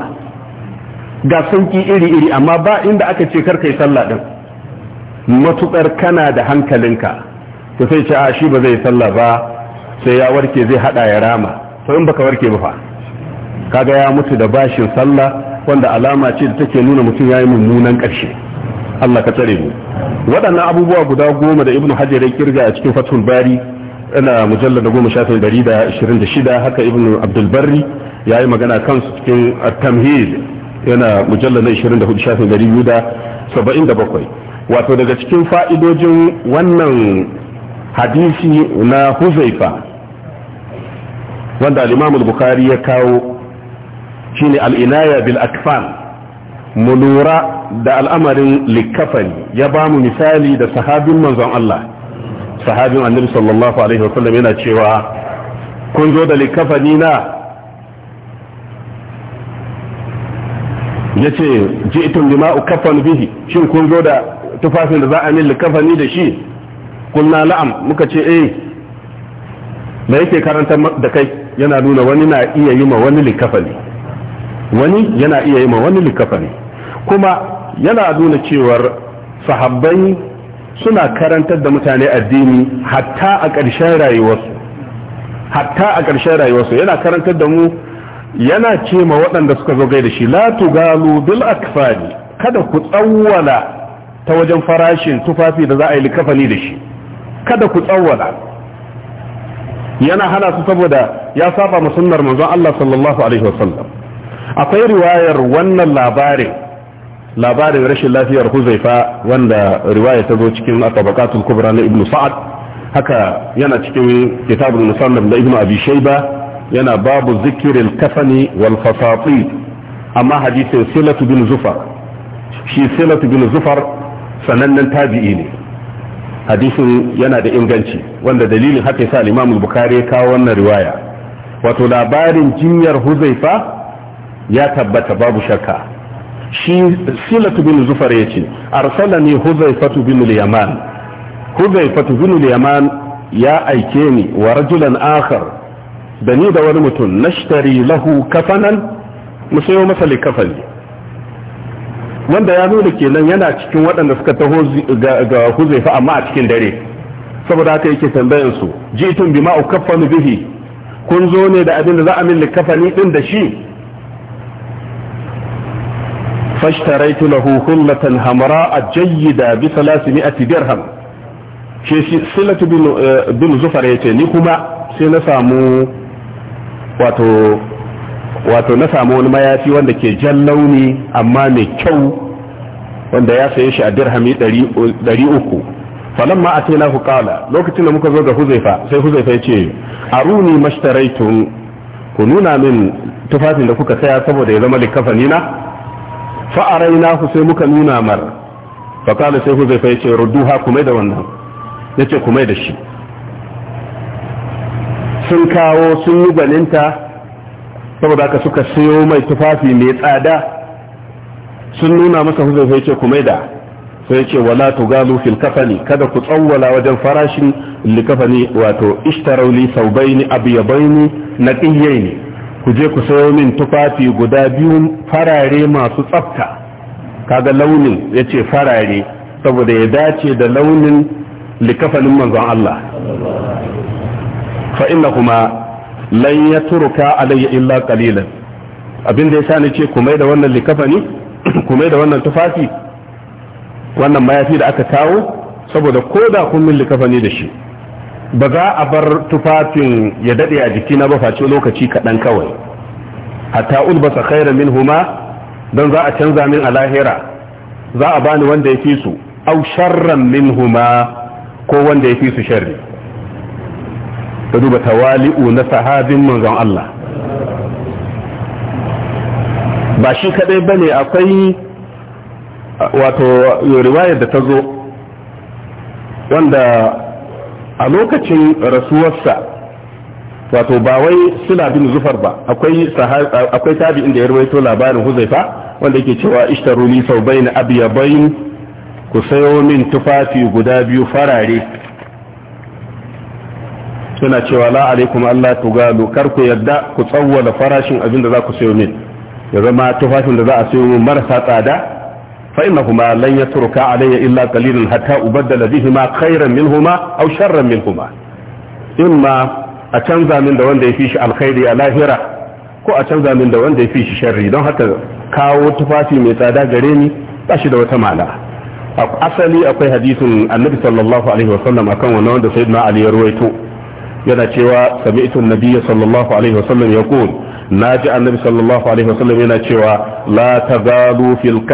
ga sauki iri-iri amma ba inda aka ce kar yi sallah din matukar kana da hankalinka to sai ce a shi ba zai sallah ba sai ya warke zai haɗa ya rama to in baka warke ba fa kaga ya mutu da bashin sallah wanda alama ce da take nuna mutum yayi mummunan ƙarshe Allah ka tsare mu waɗannan abubuwa guda goma da ibnu hajar ya kirga a cikin fathul bari ina mujallar da goma shafin dari da ashirin da shida haka ibn abdulbarri ya yi magana kansu cikin tamhid yana mujallar na ashirin da hudu shafin dari biyu saba'in da bakwai wato daga cikin fa'idojin wannan hadisi na huzaifa wanda al'imamu bukari ya kawo shine al'inaya bil akfan mu lura da al'amarin likafani ya ba mu misali da sahabin manzon Allah sahabin annabi sallallahu alaihi wasallam yana cewa kun zo da likafani na ya ce ji'tum bima ukafan bihi shin kun zo da tufafin da za a min likafani da shi kunna la'am muka ce eh da yake karanta da kai yana nuna wani na iya yi ma wani likafani wani yana iya yi ma wani likafani kuma yana nuna cewar sahabbai suna karantar da mutane addini hatta a ƙarshen rayuwarsu hatta a ƙarshen rayuwarsu yana karantar da mu yana ce ma waɗanda suka zo da shi latu galu bil akfani kada ku tsawwala ta wajen farashin tufafi da za a yi likafani da shi kada ku tsawwala yana hana su saboda ya saba ma manzon Allah sallallahu alaihi wasallam akwai riwayar wannan labarin labarin rashin lafiyar huzaifa wanda riwaya ta zo cikin atabakatul kubra na ibnu sa'ad haka yana cikin kitabul musannaf da ibnu abi shayba yana babu zikirin kafani wal fasati amma hadisin silatu bin zufar shi silatu bin zufar sanannen tabi'i ne hadisin yana da inganci wanda dalilin haka yasa al-imam bukhari ya kawo wannan riwaya wato labarin jinyar huzaifa ya tabbata babu shakka shi silatu bin zufar ya ce arsalani huzaifatu bin yaman huzaifatu bin yaman ya aike ni wa rajulan akhar da ni da wani mutum nashtari lahu kafanan mu sayo masa kafali wanda ya nuna kenan yana cikin waɗanda suka taho ga huzaifa amma a cikin dare saboda haka yake tambayan su jitum bima ukaffanu bihi kun zo ne da abin da za a min likafani din da shi fashtaraitu lahu a hamra jayyida bi 300 dirham shi shi silatu bin zufar yace ni kuma sai na samu wato na samu wani mayafi wanda ke jan launi amma mai kyau wanda ya saye shi a dirhami 300 falamma ku kala. lokacin da muka zo ga huzaifa sai huzaifa yace aruni mashtaraitum ku nuna min tufafin da kuka saya saboda ya zama likafani na na ku sai muka nuna mara, fa kana sai ku zai fa yace kuma da wannan yace kuma da shi sun kawo sun yi gwaninta saboda haka suka sayo mai tufafi mai tsada sun nuna masa huzai sai ce kuma da sai ce wala galu fil kafani kada ku tsawwala wajen farashin likafani wato ishtarauli saubaini abiyabaini ne ku je ku sayo min tufafi guda biyu farare masu tsafta kaga launin ya ce farare saboda ya dace da launin likafalin manzon Allah fa inna kuma lan ya turuka alayya illa qalilan abin da yasa ni ce ku mai da wannan likafani ku mai da wannan tufafi wannan mayafi da aka kawo saboda koda kun min likafani da shi ba za a bar tufafin ya daɗe a jikina ba face lokaci kaɗan kawai hatta basa khairan min huma don za a canza min a lahira za a bani wanda ya fi su au sharran min huma ko wanda ya fi su sharri ka duba tawali'u na sahabin manzon Allah ba shi kaɗai ba ne akwai wato riwayar da ta zo wanda a lokacin rasuwarsa wato ba wai suna bin zufar ba akwai akwai tabi'in ya rawaito labarin huzaifa wanda yake cewa ishtaru na saubain bai ku sayo min tufafi guda biyu farare suna cewa la alaikum Allah tugalu kar ku yadda ku tsawwala farashin abin da za ku sayo min ya zama tufafin da za a sayo min marasa tsada fa innahuma lan yatruka alayya illa qalilan hatta ubaddala bihima khayran minhuma aw sharran minhuma imma a canza min da wanda ya fi shi alkhairi a lahira ko a canza min da wanda ya fi shi sharri don haka kawo tufafi mai tsada gare ni ba da wata mala asali akwai hadisin annabi sallallahu alaihi wasallam akan wannan wanda sayyidina ali ya ruwaito yana cewa sami'tu an-nabiyya sallallahu alaihi annabi sallallahu alaihi yana cewa la tagalu fil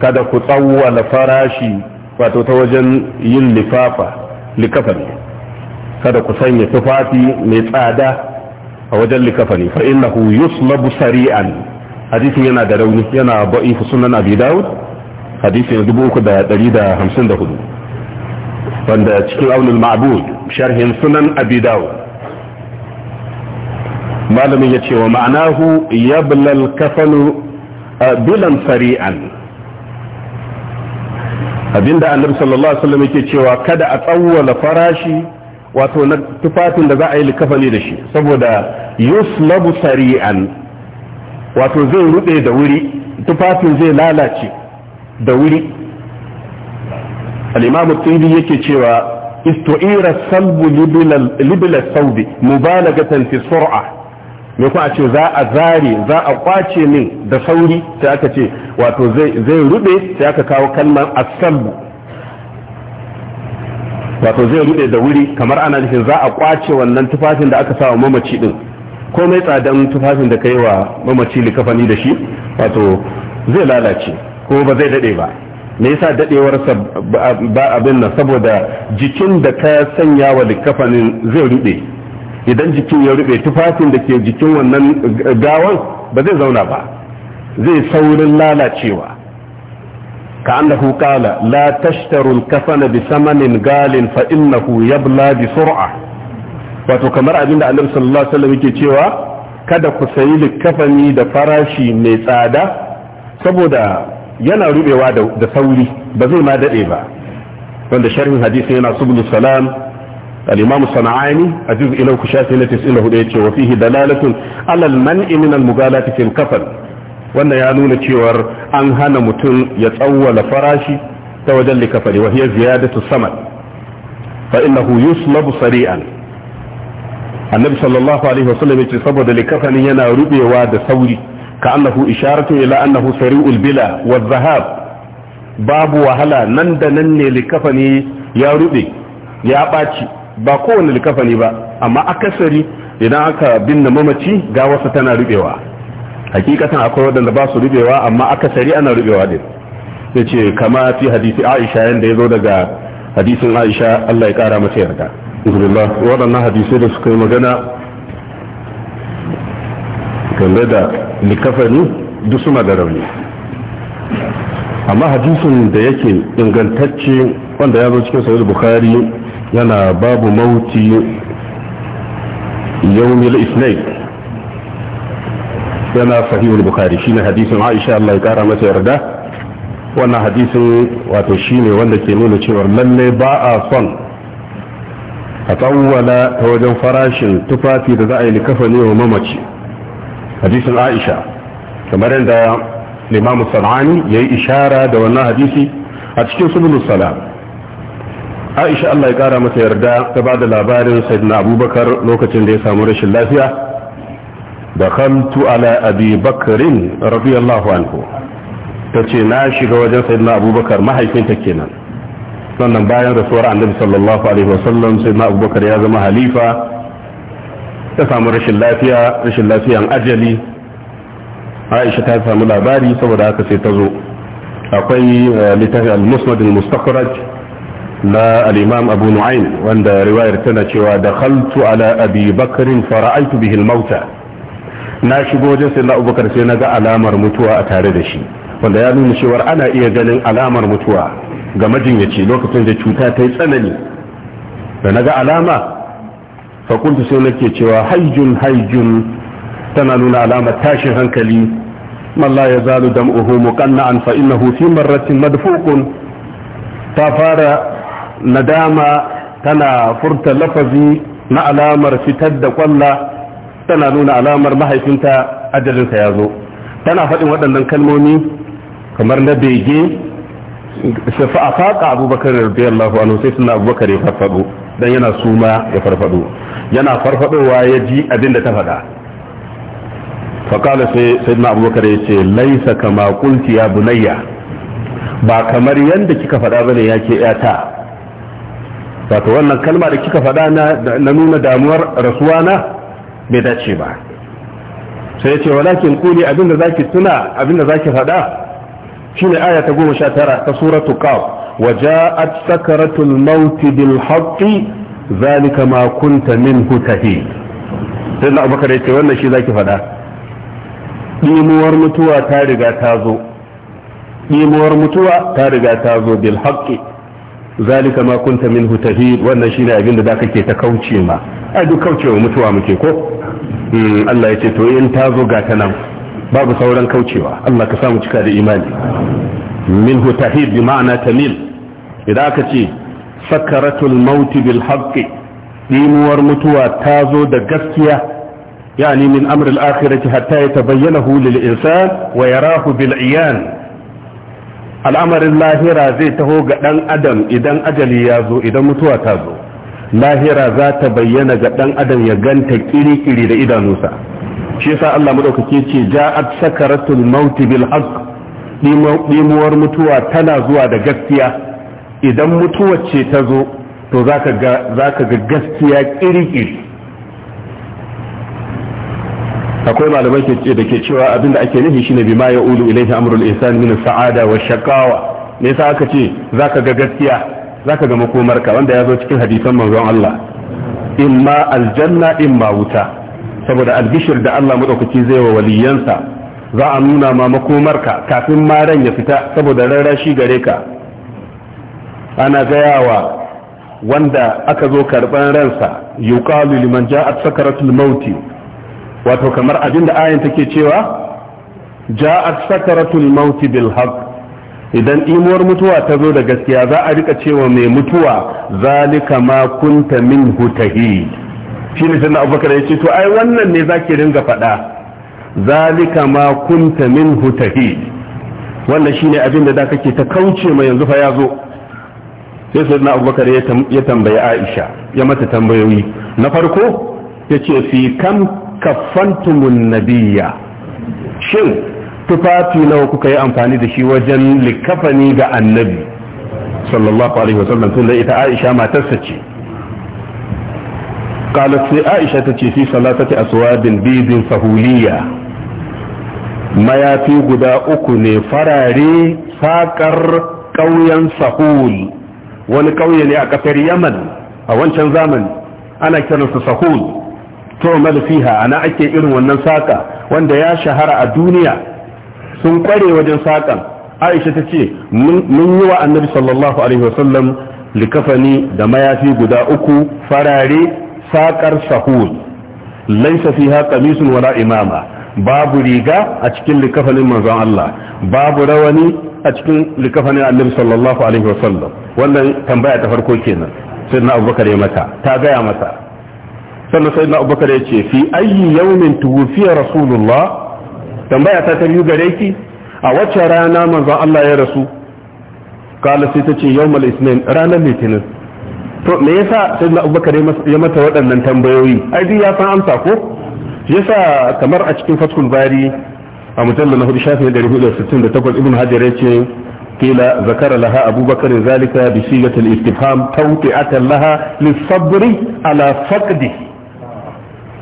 kada ku tsawwala farashi wato ta wajen yin lifafa likafani kada ku sanya tufafi mai tsada a wajen likafani fa innahu yuslabu sari'an hadisin yana da rauni yana ba'ifu sunan abi daud hadisin 3154 wanda cikin aunul ma'bud sharhin sunan abi daud malamin ya ce wa ma'anahu yablal kafanu bilan sari'an abinda annabi sallallahu alaihi wasallam yake cewa kada a tsawwala farashi wato na tufafin da za a yi likafani da shi saboda yuslabu sari'an wato zai rube da wuri tufafin zai lalace da wuri al-imamu yake cewa istu'ira salbu libila saubi mubalagatan fi sur'a me kuma a ce za a zare za a kwace min da sauri sai aka ce wato zai rube sai aka kawo kalmar asabu wato zai rube da wuri kamar ana nufin za a kwace wannan tufafin da aka sawa mamaci din Ko mai tsadan tufafin da ka yi wa mamaci likafani da shi wato zai lalace ko ba zai dade ba me yasa dadewar ba abin nan saboda jikin da ka sanya wa likafanin zai rube idan jikin ya rube tufafin da ke jikin wannan gawan ba zai zauna ba zai saurin lalacewa ka annahu kala. la tashtarul kafana bi samanin galin fa innahu yabla bi sur'a wato kamar abinda annabi sallallahu alaihi wasallam yake cewa kada ku sayi likafani da farashi mai tsada saboda yana rubewa da sauri ba zai ma dade ba wanda sharhin hadisin yana subul salam الإمام الصنعاني أجزء إلى كشاتي التي تسئله ديتش وفيه دلالة على المنع من المغالاة في الكفن وأن يعنون تشيور أن هنا متن يتأول فراشي توجل لكفن وهي زيادة الثمن فإنه يصلب سريعا النبي صلى الله عليه وسلم يتصبد لكفن ينا ربي واد ثوري كأنه إشارة إلى أنه سريع البلا والذهاب باب وهلا نندنن لكفني يا ربي يا باتي ba kowane ne ba amma akasari idan aka binne mamaci ga wasu tana rubewa hakikatan akwai waɗanda ba su rubewa amma akasari ana rubewa din ya ce kama fi hadisi aisha yadda ya zo daga hadisin aisha allah ya kara mata yarda alhamdulillah waɗannan hadisai da suka yi magana game da likafani duk suna da rauni amma hadisin da yake ingantacce wanda ya zo cikin sahih bukhari yana babu mauti yawmil isnai yana sahihul bukhari shine hadisin aisha Allah ya kara masa yarda wannan hadisin wato shine wanda ke nuna cewa lalle ba a son a tsawwala ta wajen farashin tufafi da za a yi likafani wa mamaci hadisin aisha kamar yadda limamu sana'ani ya yi ishara da wannan hadisi a cikin subulu salam aisha allah ya kara mata yarda ta ba da labarin sayyidina abubakar lokacin da ya samu rashin lafiya da khamtu ala abi bakarin radiyallahu anhu ta ce na shiga wajen sayyidina abubakar mahaifinta kenan sannan bayan rasuwar annabi sallallahu alaihi wasallam sayyidina abubakar ya zama halifa ta samu rashin lafiya rashin lafiyan ajali aisha ta samu labari saboda haka sai ta zo akwai eh, littafin al-musnad al-mustakhraj na al-imam abu nu'aym wanda riwayar tana cewa da ala abi bakrin fara'aytu bihi al-mauta na shigo wajen sayyidina abubakar sai naga alamar mutuwa a tare da shi wanda ya nuna cewa ana iya ganin alamar mutuwa ga majinyaci lokacin da cuta ta yi tsanani da naga alama fa sai nake cewa haijun haijun tana nuna alamar tashin hankali man la yazalu dam'uhu muqanna'an fa innahu fi marratin madfuqun ta fara nadama tana furta lafazi na alamar fitar da kwalla tana nuna alamar mahaifinta ajalinsa ya zo tana faɗin waɗannan kalmomi kamar na bege shafi a faƙa abubakar radiyallahu anhu sai suna abubakar ya farfaɗo dan yana suma ya farfaɗo yana farfaɗowa ya ji abin da ta faɗa faƙala sai sai abubakar ya ce laisa kama kulti ya bunayya ba kamar yadda kika faɗa bane ya ke yata. wato wannan kalma da kika faɗa na nuna damuwar rasuwa na bai dace ba sai ce walakin kuli abinda zaki tuna abinda zaki faɗa shine aya ta goma sha tara ta suratu qaf wa ja'at sakaratul maut bil haqqi zalika ma kunta min tahid sai na abubakar ce wannan shi ki faɗa ɗimuwar mutuwa ta riga ta zo ɗimuwar mutuwa ta riga ta zo bil zalika ma kunta min tahid wannan shine abin da zaka ke ta kauce ma ai duk kaucewa mutuwa muke ko hmm, Allah ya ce to in ta zo ga ta nan babu sauran kaucewa Allah ka samu cika da imani min tahid bi ma'ana tamil idan aka ce sakaratul maut bil haqqi dimuwar mutuwa ta zo da gaskiya yani min amril akhirati hatta yatabayyana lil insan wa yarahu bil iyan al'amarin lahira zai taho ga ɗan adam idan ajali ya zo idan mutuwa ta zo lahira za ta bayyana ga ɗan adam ya ganta kiri-kiri da idanunsa shi yasa Allah madaukake ce ja'at sakaratul maut bil haqq dimuwar mutuwa tana zuwa da gaskiya idan mutuwar ce ta zo to zaka ga zaka ga gaskiya kiri-kiri akwai malamai ke da ke cewa abinda ake nufi shine bima ya ulu ilaihi amrul insan min sa'ada wa shaqawa me yasa aka ce zaka ga gaskiya zaka ga makomarka wanda ya zo cikin hadisan manzon Allah imma aljanna imma wuta saboda albishir da Allah madaukaki zai wa waliyansa za a nuna ma makomarka kafin ma ran ya fita saboda rarrashi gare ka ana gayawa wanda aka zo karban ransa yuqalu liman ja'at sakaratul mauti wato kamar abin da ayan take cewa ja'at sakaratul mauti bil haqq idan imuwar mutuwa ta zo da gaskiya za a rika cewa mai mutuwa zalika ma kunta min hutahi shi ne sannan abubakar ya ce to ai wannan ne za ki ringa faɗa zalika ma kunta min hutahi wannan shine abin da da kake ta kauce ma yanzu fa ya zo sai sannan abubakar ya tambayi aisha ya mata tambayoyi na farko ya ce fi kam kaffantumun nabiyya shin tufafi nawa kuka yi amfani da shi wajen likafani ga annabi sallallahu alaihi wasallam tun da ita aisha matarsa ce قالت سي عائشة تشي في ثلاثة أسواد بيض فهولية ما يافي غدا أكني فراري ساكر قويا سهول wani ƙauye ne a ƙasar yaman a wancan zamani ana kiransa sahul to fiha ana ake irin wannan saka wanda ya shahara a duniya sun kware wajen sakan aisha ta ce mun yi wa annabi sallallahu alaihi wasallam likafani da mayafi guda uku farare sakar sahul laisa fiha qamisun wala imama babu riga a cikin likafanin manzon Allah babu rawani a cikin likafanin annabi sallallahu alaihi wasallam wannan tambaya ta farko kenan sai na abubakar ya mata ta gaya mata sannan sai na abubakar ya ce fi ayi yaumin tuwufiya rasulullah tambaya ta ta biyu gare ki a wacce rana manzon Allah ya rasu kala sai ta ce yawmal isnin ranar litinin to me yasa sai na abubakar ya mata waɗannan tambayoyi ai duk ya san amsa ko yasa kamar a cikin fatkul bari a mujallar na hudu shafin da rubuta sittin da takwas ibn hajar ya ce kila zakara laha abubakar zalika bi sigatil istifham tawti'atan laha lisabri ala faqdi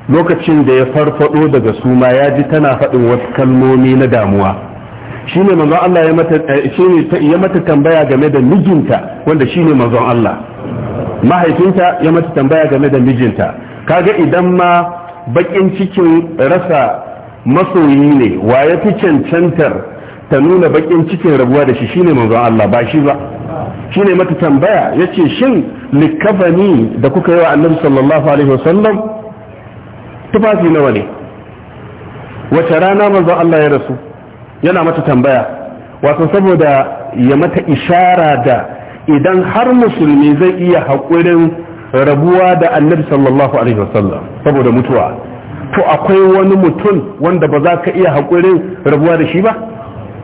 lokacin da ya farfado daga suma ya ji tana faɗin wasu kalmomi na damuwa ne manzon Allah eh, ya mata tambaya game da mijinta wanda shi ne manzon Allah mahaifinta ya mata tambaya game da mijinta kaga idan ma bakin cikin rasa masoyi ne wa ya fi cancantar ta nuna bakin cikin rabuwa da shi shi ne manzon Allah ba shi ba shi ne mata tambaya ya ce shin likafani da kuka yi wa annabi sallallahu alaihi wasallam tufafi nawa ne wace rana manzon Allah ya rasu yana mata tambaya wato saboda ya mata ishara da idan har musulmi zai iya haƙurin rabuwa da annabi sallallahu alaihi wasallam saboda mutuwa to akwai wani mutum wanda ba za ka iya haƙurin rabuwa da shi ba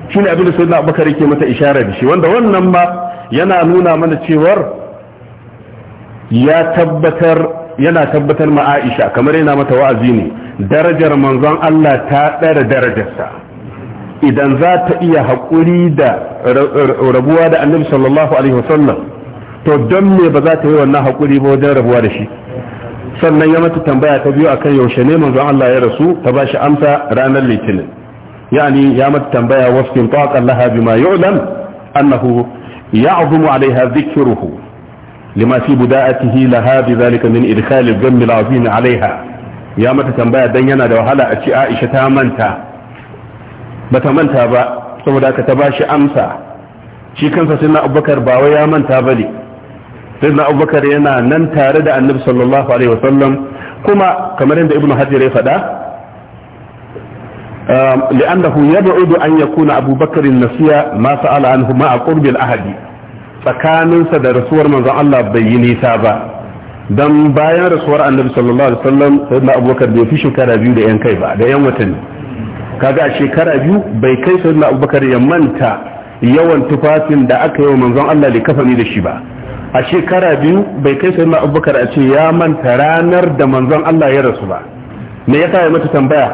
shi ne abin da sai yake mata ishara da shi wanda wannan ma yana nuna mana cewar ya tabbatar yana tabbatar ma Aisha kamar yana mata wa'azi ne darajar manzon Allah ta ɗara darajarsa idan za ta iya haƙuri da rabuwa da annabi sallallahu alaihi wasallam to don me ba za ta yi wannan haƙuri ba wajen rabuwa da shi sannan ya mata tambaya ta biyu akan yaushe ne manzon Allah ya rasu ta ba shi amsa ranar litinin yani ya mata tambaya wasu kin taqa laha bima yu'lam annahu ya'zumu alaiha dhikruhu Limasi guda buda'atihi laha bi zalika min idkhal al-ghamm al-azim ya mata tambaya dan yana da wahala a ci Aisha ta manta bata manta ba saboda ka ta ba shi amsa shi kansa sayyidina Abubakar Bawa ya manta bane sayyidina Abubakar yana nan tare da Annabi sallallahu alaihi wasallam kuma kamar yadda Ibn Hajar ya faɗa لأنه يبعد أن يكون أبو بكر النسيء ما سأل عنه مع قرب ahadi. tsakaninsa da rasuwar manzon Allah bai yi nisa ba don bayan rasuwar annabi sallallahu alaihi wasallam sayyidina abubakar bai fi shekara biyu da yan kai ba da yan watanni kaga a shekara biyu bai kai sayyidina abubakar ya manta yawan tufafin da aka yi wa manzon Allah da kafani da shi ba a shekara biyu bai kai sayyidina abubakar a ce ya manta ranar da manzon Allah ya rasu ba me yasa ya mata tambaya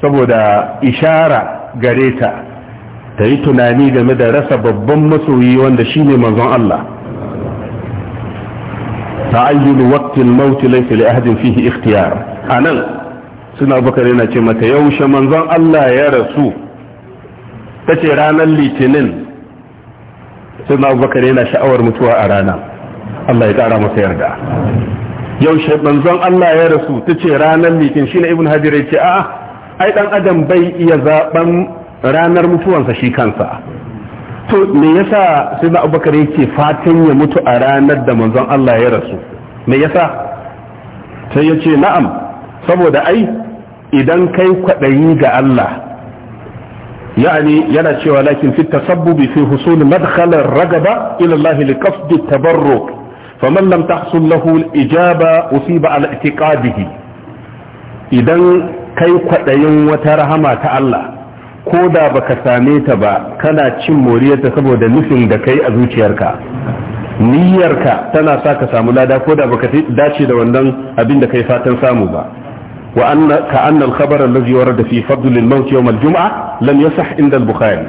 saboda ishara gare ta ta yi tunani game da rasa babban masoyi wanda shine manzon Allah ta'ayyul waqtil maut laysa li ahadin fihi ikhtiyar anan suna bakar yana ce mata yaushe manzon Allah ya rasu Ta ce ranar litinin suna bakar yana sha'awar mutuwa a rana Allah ya kara masa yarda yaushe manzon Allah ya rasu ta ce ranar litinin na ibn hajar ya ce a ai dan adam bai iya zaben ranar mutuwansa shi kansa to me yasa sai da abubakar yake fatan ya mutu a ranar da manzon Allah ya rasu me yasa sai ya ce na'am saboda ai idan kai kwaɗayi ga Allah ya'ani yana cewa lakin fi tasabbubi fi husul madkhal ragaba ila Allah li qasd at-tabarruk faman lam tahsul lahu al-ijaba usiba ala idan kai kwaɗayin wata rahama ta Allah ko da baka same ta ba kana cin moriyarta saboda nufin da kai a zuciyarka niyyarka tana sa ka samu lada ko da baka dace da wannan abin da kai fatan samu ba wa anna ka anna al-khabar allazi warada fi fadl al-maut yawm al-jum'a lam yasah inda al-bukhari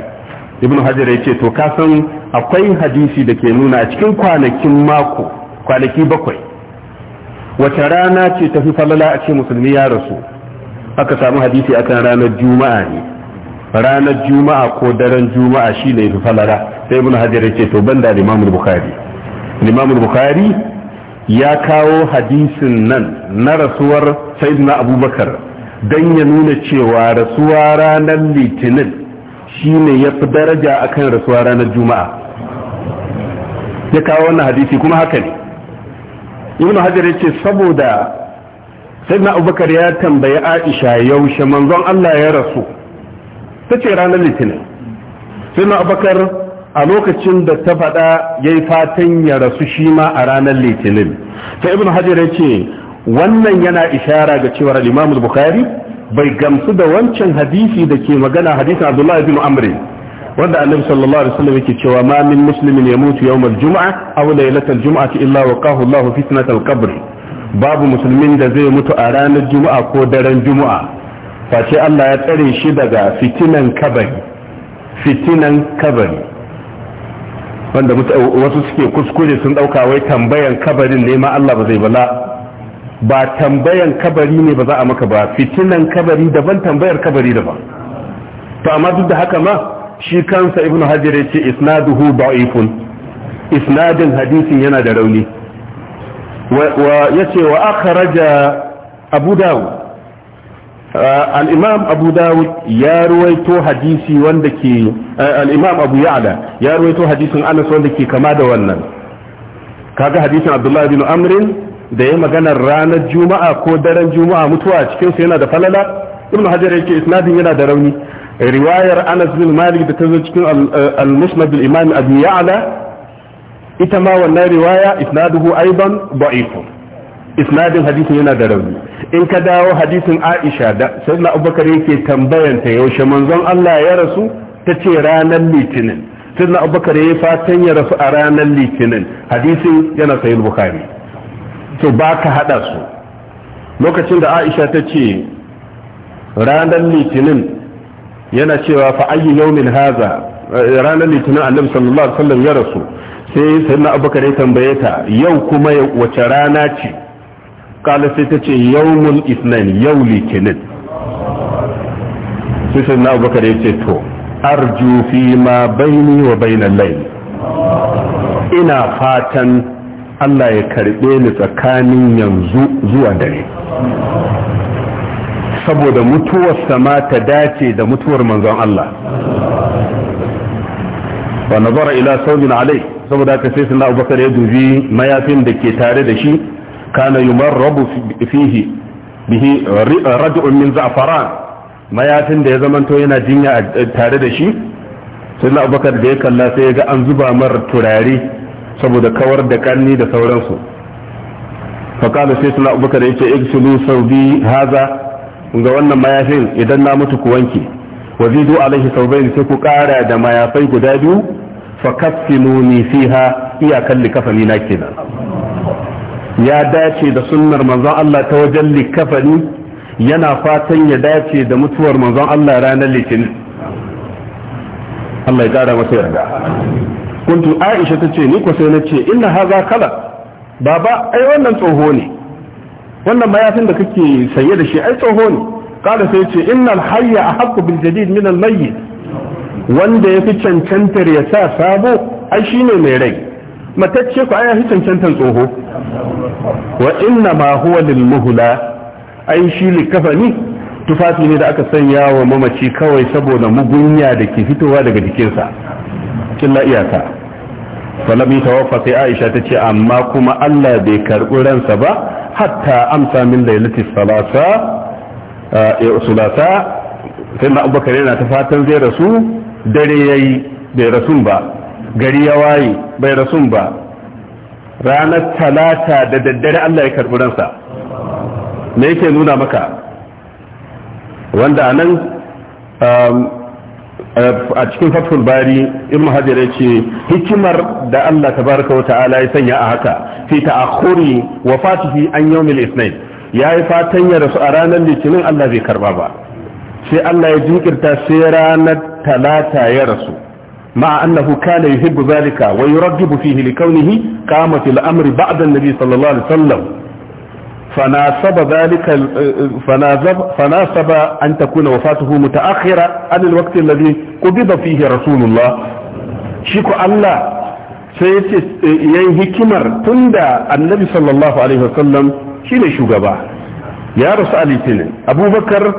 ibn hajar yace to ka san akwai hadisi da ke nuna a cikin kwanakin mako kwanaki bakwai wata rana ce tafi falala a ce musulmi ya rasu aka samu hadisi akan ranar juma'a ne ranar juma'a ko daren juma'a shine fi falala sai ibn hajar yace to banda imam bukhari imam bukhari ya kawo hadisin nan na rasuwar sayyidina abubakar dan ya nuna cewa rasuwa ranar litinin shine yafi daraja akan rasuwa ranar juma'a ya kawo wannan hadisi kuma haka ne ibn hajar yace saboda sayyidina abubakar ya tambayi aisha yaushe manzon Allah ya rasu ta ce ranar litinin sai na a lokacin da ta faɗa ya yi fatan ya rasu shi ma a ranar litinin ta ibn hajar ya ce wannan yana ishara ga cewar imamul bukari bai gamsu da wancan hadisi da ke magana hadisin abdullahi bin amri wanda annabi sallallahu alaihi wasallam yake cewa ma min muslimin yamutu al-jum'a aw laylatal jum'a illa waqahu Allahu al qabr babu musulmin da zai mutu a ranar juma'a ko daren juma'a face Allah ya tsare shi daga fitinan kabari fitinan kabari wanda wasu suke kuskure sun dauka wai tambayan kabarin ne ma Allah ba zai bala ba tambayan kabari ne ba za a maka ba fitinan kabari daban tambayar kabari daban to amma duk da haka ma shi kansa ibnu hajar ya ce isnaduhu da'ifun isnadin hadisin yana da rauni wa yace wa akhraja abu dawud al-imam abu dawud ya ruwaito hadisi wanda ke al abu ya'la ya ruwaito hadisin anas wanda ke kama da wannan kaga hadisin abdullahi bin amrin da ya maganar ranar juma'a ko daren juma'a mutuwa a yana da falala ibn hajar yake isnadin yana da rauni riwayar anas bin malik da ta zo cikin al-musnad al-imam abu ya'la ita ma wannan riwaya isnaduhu aidan da'if isnadin hadisin yana da rauni in ka dawo hadisin aisha da sayyidina abubakar yake tambayanta yaushe manzon Allah ya rasu ta ce ranar litinin sayyidina abubakar ya fatan ya rasu a ranar litinin hadisin yana sahih bukhari to baka hada su lokacin da aisha ta ce ranar litinin yana cewa fa ayyu yawmin haza ranar litinin annabi sallallahu alaihi wasallam ya rasu sai sayyidina abubakar ya tambaye ta yau kuma wace rana ce kala sai ta ce yawmul isnan yau litinin sai sai na abubakar ya ce to arju fi ma baini wa bainan laili ina fatan Allah ya karɓe ni tsakanin yanzu zuwa dare saboda mutuwar sama ta dace da mutuwar manzon Allah wa nazara ila saumin alai saboda ka sai suna abubakar ya dubi mayafin da ke tare da shi kana yumarrabu fihi bihi raj'un min za'faran mayafin da ya zamanto yana jinya tare da shi sai na abubakar da ya kalla sai ya ga an zuba mar turare saboda kawar da karni da sauransu fakala sai suna abubakar ya ce iksilu sau haza ga wannan mayafin idan na mutu ku wanke wazidu alaihi sau bai sai ku kara da mayafai guda biyu fa kafinu ni fiha iyakan likafani na kenan ya dace da sunnar manzon Allah ta wajen likafani yana fatan ya dace da mutuwar manzon Allah ranar litinin Allah ya kara masa yarda kuntu Aisha ta ce ni ko sai na ce inna haza kala baba ai wannan tsoho ne wannan mayafin da kake sanye da shi ai tsoho ne kala sai ce innal hayya a bil jadid min al mayyit wanda yafi cancantar ya sa sabo ai shine mai rai matacce ku aya cancantan tsoho wa inna ma huwa lil muhla ai shi kafani. tufafi ne da aka sanya wa mamaci kawai saboda mugunya da ke fitowa daga jikinsa killa iyaka falam yatawaffa sai Aisha tace amma kuma Allah bai karbi ransa ba hatta amsa min laylatis salasa ya eh, usulata eh, sai na abubakar yana ta fatan zai rasu dare yayi bai rasu ba gari ya waye bai rasun ba ranar talata da daddare Allah ya karɓi ransa me yake nuna maka wanda a nan um, uh, a cikin fatul bari ibn hajar ya ce hikimar da Allah ta baraka wa ta'ala ya sanya a haka fi akuri wa fatihi an yawmil ya yi fatan ya rasu a ranar litinin Allah bai karba ba sai Allah ya jinkirta sai ranar talata ya rasu مع أنه كان يحب ذلك ويرغب فيه لكونه قام في الأمر بعد النبي صلى الله عليه وسلم فناسب ذلك فناسب, فناسب أن تكون وفاته متأخرة عن الوقت الذي قبض فيه رسول الله شكو الله sai ya yi hikimar tun da annabi sallallahu alaihi wasallam shi ne shugaba ya rasu alitinin abubakar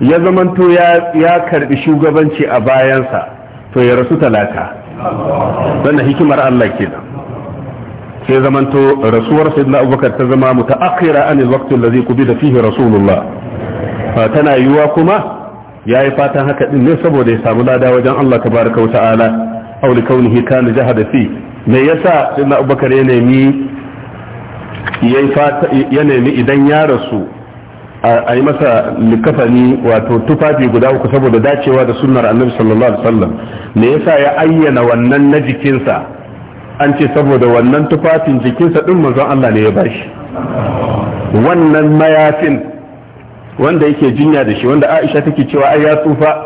ya zamanto ya karbi shugabanci a bayansa to ya rasu talata wannan hikimar Allah kenan sai zamanto rasuwar sayyidina abubakar ta zama mutaakhira an zai kubi da fihi rasulullah fa tana yiwuwa kuma yayi fatan haka din ne saboda ya samu lada wajen Allah tabaaraka wa ta'ala kauni li kaunihi kana da fi me yasa sayyidina abubakar ya nemi ya nemi idan ya rasu a yi masa likafani wato tufafi guda uku saboda dacewa da sunnar annabi sallallahu alaihi wasallam me yasa ya ayyana wannan na jikinsa an ce saboda wannan tufafin jikinsa din manzon Allah ne ya bashi wannan mayafin wanda yake jinya da shi wanda Aisha take cewa ai ya tsufa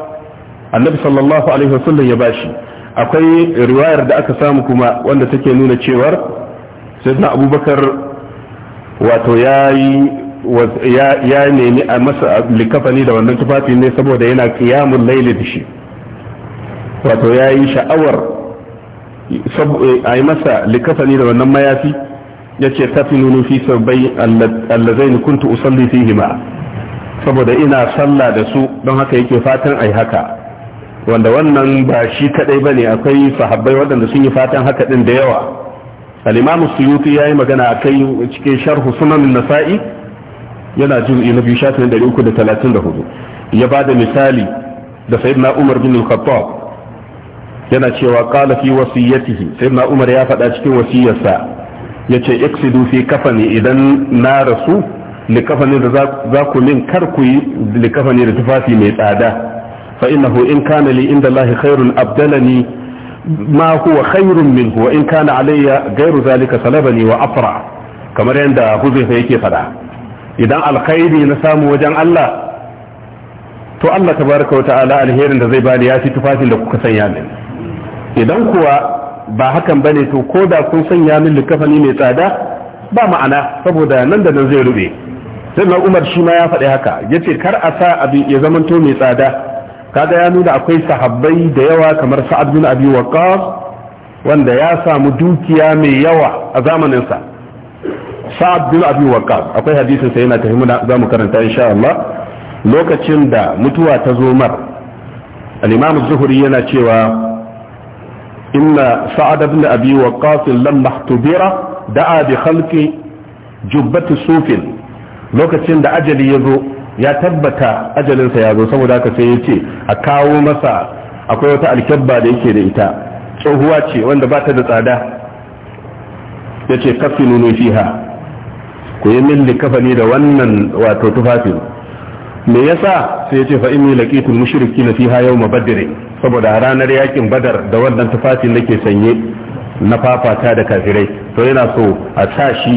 annabi sallallahu alaihi wasallam ya bashi akwai riwayar da aka samu kuma wanda take nuna cewar sayyidina Abubakar wato yayi ya nemi a masa likafani da wannan tufafi ne saboda yana kiyamun laili da shi wato ya yi sha'awar a yi masa likafani da wannan mayafi ya ce tafi nunu fi sabbai allazain kuntu usalli fi hima saboda ina sallah da su don haka yake fatan ai haka wanda wannan ba shi kadai bane akwai sahabbai waɗanda sun yi fatan haka ɗin da yawa alimamin siyutu ya yi magana akai cikin sharhu sunan nasa'i yana juz'i na biyu shafin da da uku talatin hudu ya ba da misali da na Umar bin Khattab yana cewa qala fi wasiyyatihi na Umar ya faɗa cikin wasiyarsa yace iksidu fi kafani idan na rasu likafani da za ku min kar ku yi likafani da tufafi mai tsada fa innahu in kana li inda lahi khairun abdalani ma huwa khairun minhu wa in kana alayya ghairu zalika salabani wa afra kamar yadda huzaifa yake faɗa idan alkhairi na samu wajen Allah to Allah tabaraka wa ta'ala alherin da zai bani ya fi tufafin da kuka sanya min idan kuwa ba hakan bane to ko da kun sanya min likafani mai tsada ba ma'ana saboda nan da nan zai rube sai Umar shi ma ya faɗi haka yace kar a sa abin ya zamanto mai tsada kaga ya nuna akwai sahabbai da yawa kamar Sa'ad bin Abi Waqqas wanda ya samu dukiya mai yawa a zamaninsa sa'ad bin abi waqqas akwai hadisin sa yana tahimuna za mu karanta insha Allah lokacin da mutuwa ta zo mar al-imam zuhri yana cewa inna sa'ad bin abi waqqas lamma ihtubira da'a bi khalqi jubbati sufin lokacin da ajali ya zo ya tabbata ajalinsa ya zo saboda haka sai ya ce a kawo masa akwai wata alkyabba da yake da ita tsohuwa ce wanda ba ta da tsada yace ce kafinu fiha ku yi min likafani da wannan wato tufafin me yasa sai yace fa inni laqitul mushrikina fiha yawma badr saboda ranar yakin badar da wannan tufafin nake sanye na fafata da kafirai to yana so a tashi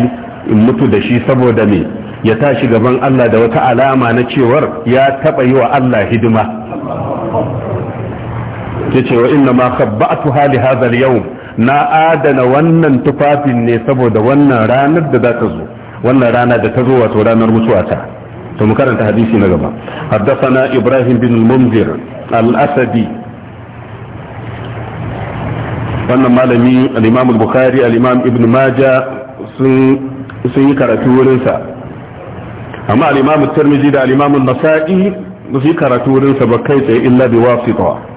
in mutu da shi saboda me ya tashi gaban Allah da wata alama na cewar ya taba yi wa Allah hidima yace wa inna ma khabba'tuha li hadha al-yawm na adana wannan tufafin ne saboda wannan ranar da za ta zo wannan rana da ta zo wato ranar mutuwata to mu karanta hadisi na gaba haddathana ibrahim bin munzir al-asadi wannan malami al-imam al-bukhari al-imam ibn majah sun sun yi karatu wurin sa amma al-imam at-tirmidhi da al-imam an-nasa'i sun yi karatu wurin sa ba kai tsaye illa bi wasita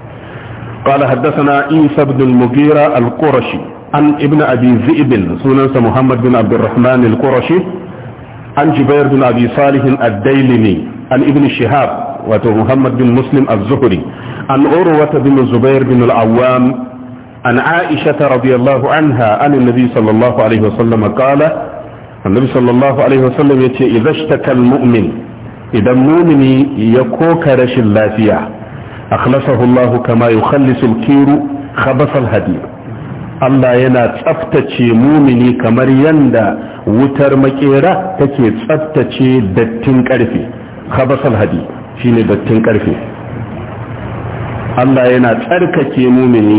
قال حدثنا عيسى بن المغيرة القرشي an ibn abi zi'bin sunansa muhammad bin abdurrahman al-qurashi an jubair bin abi salih ad-dailimi an ibn shihab wato muhammad bin muslim az-zuhri an urwa bin zubair bin al-awwam an aisha radiyallahu anha an annabi sallallahu alaihi wasallam qala annabi sallallahu alaihi wasallam yace idza ishtaka al-mu'min idan mumini ya koka rashin lafiya akhlasahu Allah kama yukhallisu al-kiru khabasa al-hadid Allah yana tsaftace mumini kamar yanda wutar makera take tsaftace dattin karfe khabasal hadi shine dattin karfe Allah yana tsarkake mumini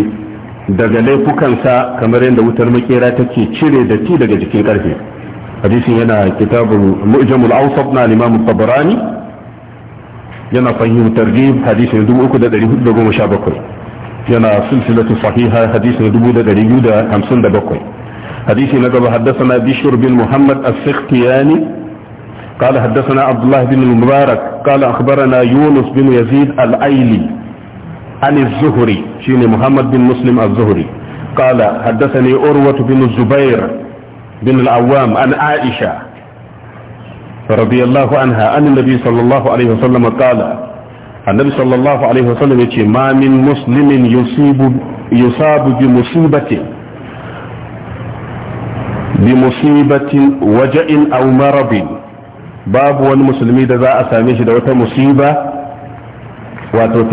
daga laifukansa kamar yadda wutar makera take cire datti daga jikin karfe hadisin yana kitabul mu'jamul awsat na imam tabarani yana fahimtar tarjib hadisin 3417 yana silsilatu sahiha hadisi na dubu da dari biyu da hamsin da bakwai hadisi na gaba haddasana bishir bin muhammad as-sikhtiyani قال حدثنا عبد الله بن المبارك قال أخبرنا يونس بن يزيد الأيلي عن الزهري شين محمد بن مسلم الزهري قال حدثني أروة بن الزبير بن العوام عن عائشة رضي الله عنها عن النبي صلى الله عليه وسلم قال annabi sallallahu alaihi wasallam ya ce ma min muslimin yusabu bi musibatin bi musibatin waja'in aw babu wani musulmi da za a same shi da wata musiba wato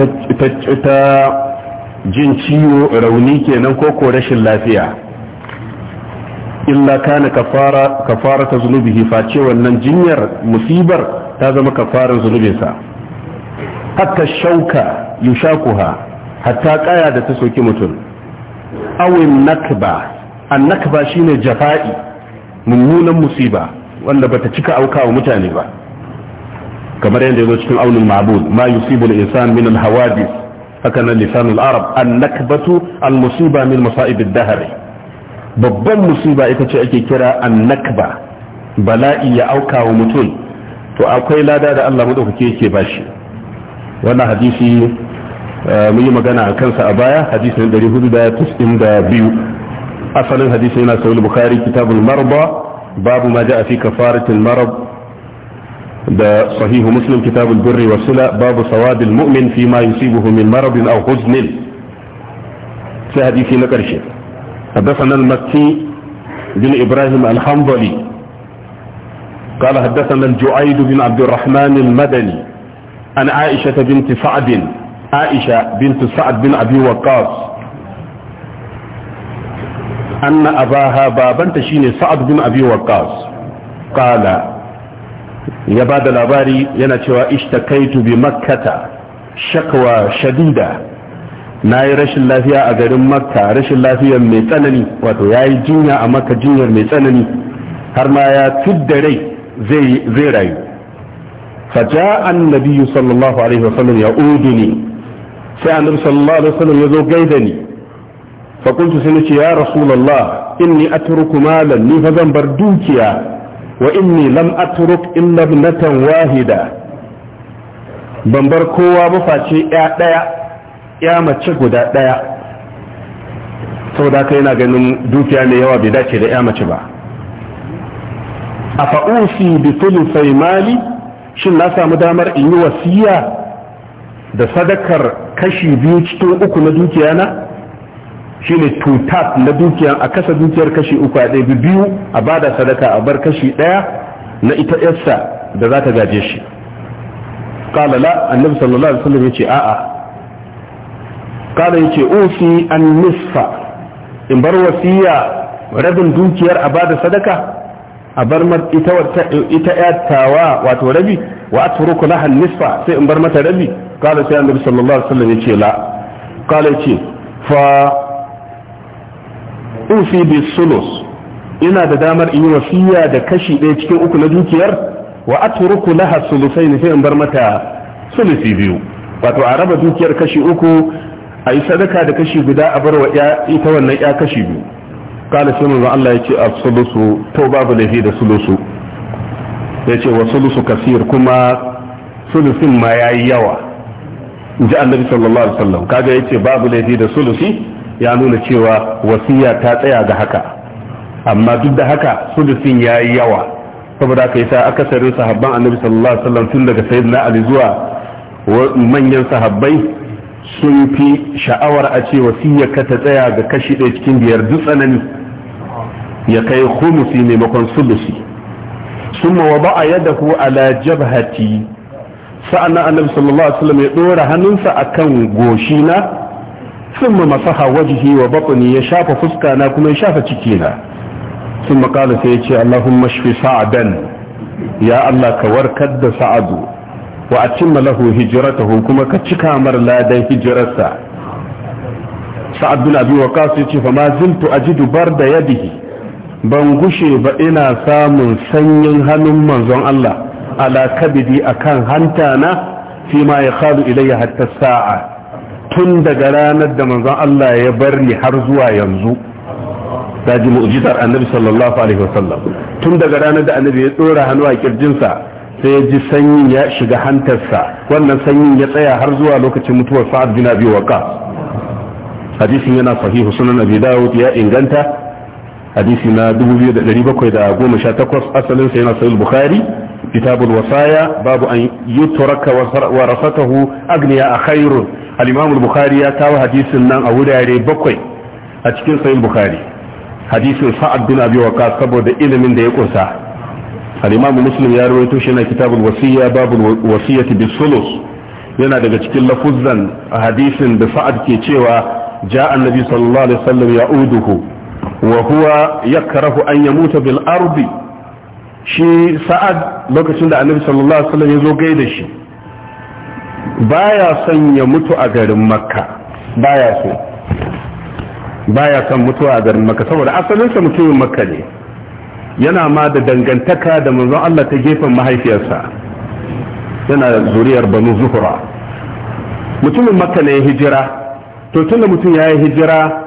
ta jin ciwo rauni kenan ko ko rashin lafiya illa kana kafara kafara ta zunubihi face wannan jinyar musibar ta zama kafaran zunubinsa hatta shauka yushakuha hatta kaya da ta soki mutum awin nakba an nakba shine jafa'i mummunan musiba wanda bata cika auka wa mutane ba kamar yadda yazo cikin aunin ma'bud ma yusibu al-insan min al-hawadith haka nan lisanul arab an nakbatu al-musiba min masa'ib ad-dahr babban musiba ita ce ake kira an nakba bala'i ya auka wa mutum to akwai lada da Allah madaukake yake shi. wannan hadisi mun yi magana a kansa a baya hadisin 492 asalin hadisi yana sahih bukhari kitabul marba babu ma ja'a fi kafaratil marab da sahihu muslim kitabul birri was sila babu sawadil mu'min fi ma yusibuhu min marabin aw huznin sai hadisi na karshe حدثنا المكي بن إبراهيم الحنظلي قال حدثنا الجعيد بن عبد الرحمن المدني an aisha ta binti sa'ad aisha binti sa'ad bin abi waqqas anna abaha babanta shine sa'ad bin abi waqqas qala ya bada labari yana cewa ishtakaitu bi makkata shakwa shadida na yi rashin lafiya a garin makka rashin lafiyar mai tsanani wato ya yi jinya a makka jinyar mai tsanani har ma ya tudda rai zai rayu فجاء النبي صلى الله عليه وسلم يؤودني فأنا صلى الله عليه وسلم يزو قيدني فقلت سنك يا رسول الله إني أترك مالا لي فذنبر دوكيا وإني لم أترك إلا ابنة واحدة بنبر كوا مفاشي إعدايا يا ما تشكد إعدايا saboda haka yana ganin dukiya mai yawa bai dace da ya mace ba a fa'usi bi tulusai mali shin na samu damar in yi wasiya da sadakar kashi biyu cikin uku na dukiya na ne tutat na dukiya a kasa dukiyar kashi uku a ɗaya biyu a bada sadaka a bar kashi ɗaya na ita yarsa da za ta gaje shi qala la annabi sallallahu alaihi wasallam yace a'a qala yace usi an nisfa in bar wasiya rabin dukiyar a bada sadaka a bar ita ita yattawa wato rabi wa atruku laha nisfa sai in bar mata rabi kala sai annabi sallallahu alaihi wasallam yace la kala yace fa ufi bi sulus ina da damar in yi wasiya da kashi ɗaya cikin uku na dukiyar wa atruku laha sulusaini sai in bar mata sulusi biyu wato a raba dukiyar kashi uku a yi sadaka da kashi guda a bar wa ita wannan ya kashi biyu kala sai manzon Allah yace as-sulusu to babu lafi da sulusu yace wa sulusu kasir kuma sulusin ma yayi yawa inji annabi sallallahu alaihi wasallam kaga yace babu lafi da sulusi ya nuna cewa wasiya ta tsaya ga haka amma duk da haka sulusin yayi yawa saboda haka yasa akasarin sahabban annabi sallallahu alaihi wasallam tun daga sayyidina ali zuwa manyan sahabbai sun fi sha'awar a ce ka ta tsaya ga kashi ɗaya cikin biyar duk tsanani ya kai khumusi maimakon sulusi summa wada'a a ala jabhati sa'annan annabi sallallahu alaihi wasallam ya dora hannunsa akan goshina ma masaha wajihi wa batni ya shafa fuska na kuma ya shafa cikina summa qala sai ya ce allahumma shfi sa'dan ya allah ka warkar da sa'adu wa cimma lahu hijratahu kuma ka cika mar ladan hijrarsa sa'ad bin abi waqas yace fa ma dubar ajidu barda yadihi ban gushe ba ina samun sanyin hannun manzon Allah ala kabidi akan hanta na fi ma ya khalu ilayya hatta sa'a tun daga ranar da manzon Allah ya bar ni har zuwa yanzu ta ji mu'jizar annabi sallallahu alaihi wasallam tun daga ranar da annabi ya tsora hannu a kirjinsa sai ya ji sanyin ya shiga hantarsa wannan sanyin ya tsaya har zuwa lokacin mutuwar sa'ad bin abi waqa hadisin yana sahihu sunan abi dawud ya inganta hadisi na 2718 asalin sa yana sahih bukhari kitabul wasaya babu an yutraka wa rasatahu agniya khairun al-imam al-bukhari ya kawo hadisin nan a wurare bakwai a cikin sahih bukhari hadisin sa'ad bin abi waqas saboda ilimin da ya kunsa al-imam muslim ya rawaito shi na kitabul wasiya babul wasiyati bisulus yana daga cikin lafuzan hadisin da sa'ad ke cewa ja annabi sallallahu alaihi wasallam ya'uduhu Wahuwa huwa yakrahu an yamuta bil arbi. shi sa'ad lokacin da annabi sallallahu alaihi wasallam ya zo gaida shi baya son ya mutu a garin makka baya so baya son mutuwa a garin makka saboda asalinsa mutumin makka ne yana ma da dangantaka da manzon Allah ta gefen mahaifiyarsa yana zuriyar banu zuhura mutumin makka ne ya hijira to tunda mutum ya yi hijira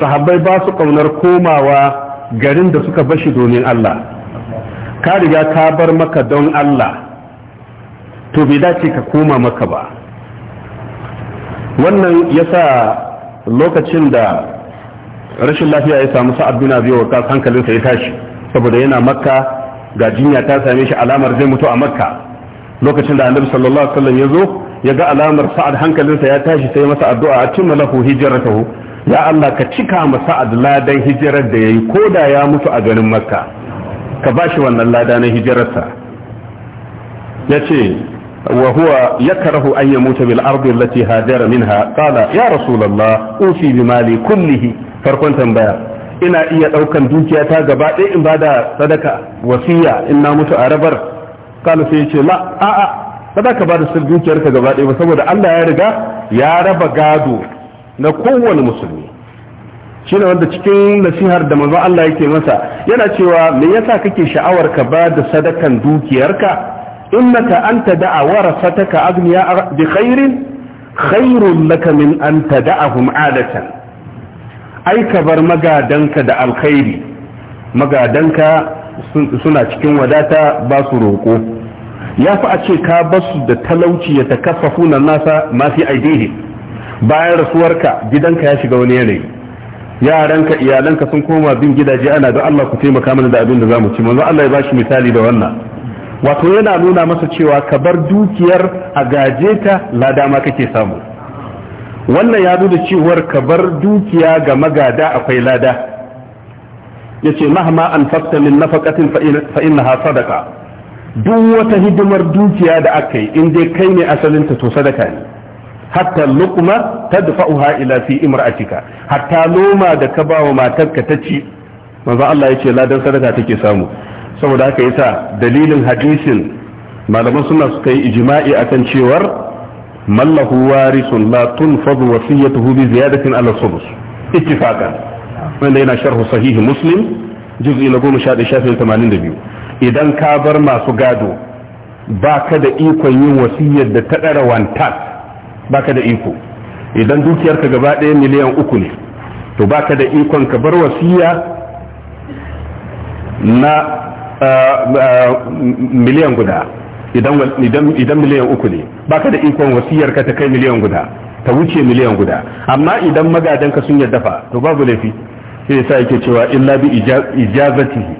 sahabbai ba su kaunar komawa garin da suka bashi domin Allah ka riga ka bar maka don Allah to bai dace ka koma maka ba wannan yasa lokacin da rashin lafiya ya samu sa'ad bin abi wa hankalinsa ya tashi saboda yana makka ga jinya ta same shi alamar zai mutu a makka lokacin da annabi sallallahu alaihi wasallam ya zo ya ga alamar sa'ad hankalinsa ya tashi sai masa addu'a a cimma lahu hijratahu ya Allah ka cika masa a ladan hijirar da ya yi ko da ya mutu a ganin makka ka ba shi wannan lada na hijirarsa ya ce wa huwa ya karahu an ya mutu bil ardi allati hajara minha qala ya rasulullah ufi bi mali kullihi farkon tambaya ina iya daukan dukiyata gaba ɗaya in bada sadaka wasiya in na mutu a rabar qala sai ya ce la a'a sadaka ba da dukiyarka gaba ɗaya ba saboda Allah ya riga ya raba gado na kowane musulmi shine wanda cikin nasihar da manzo Allah yake masa yana cewa me yasa kake sha'awar ka ba da sadakan dukiyarka innaka anta da'a warasataka agniya bi khairin khairun laka min an tada'ahum adatan ai ka bar magadanka da alkhairi magadanka suna cikin wadata ba su roko ya fi a ce ka basu da talauci ya takaffafu na nasa ma fi aidihi bayan rasuwarka gidanka ya shiga wani yanayi yaranka iyalanka sun koma bin gidaje ana da Allah ku taimaka mana da abin da zamu ci manzo Allah ya bashi misali da wannan wato yana nuna masa cewa ka bar dukiyar a gaje ta lada ma kake samu wannan ya da cewar ka bar dukiya ga magada akwai lada yace mahma an fakta min nafaqatin fa innaha sadaqa duk wata hidimar dukiya da aka yi in dai kai ne asalinta to sadaka ne hatta luqma tadfa'uha ila fi imra'atika hatta loma da ka ba wa matarka ta ci manzo Allah yace ladan sadaka take samu saboda haka yasa dalilin hadisin malaman suna suka yi ijma'i akan cewar mallahu warisun la tunfadu wasiyatuhu bi ziyadatin ala subus ittifaqan wanda yana sharhu sahih muslim juz'i na 11 shafin idan ka bar masu gado ba ka da ikon yin wasiyar da ta ɗara wantas baka da iko idan dukiyarka gaba ɗaya miliyan uku ne to baka da ikon ka bar wasiya na miliyan guda idan miliyan uku ne baka da ikon wasiyarka ta kai miliyan guda ta wuce miliyan guda amma idan magadanka sun yarda fa to babu laifi sai yasa yake cewa illa bi ijazatihi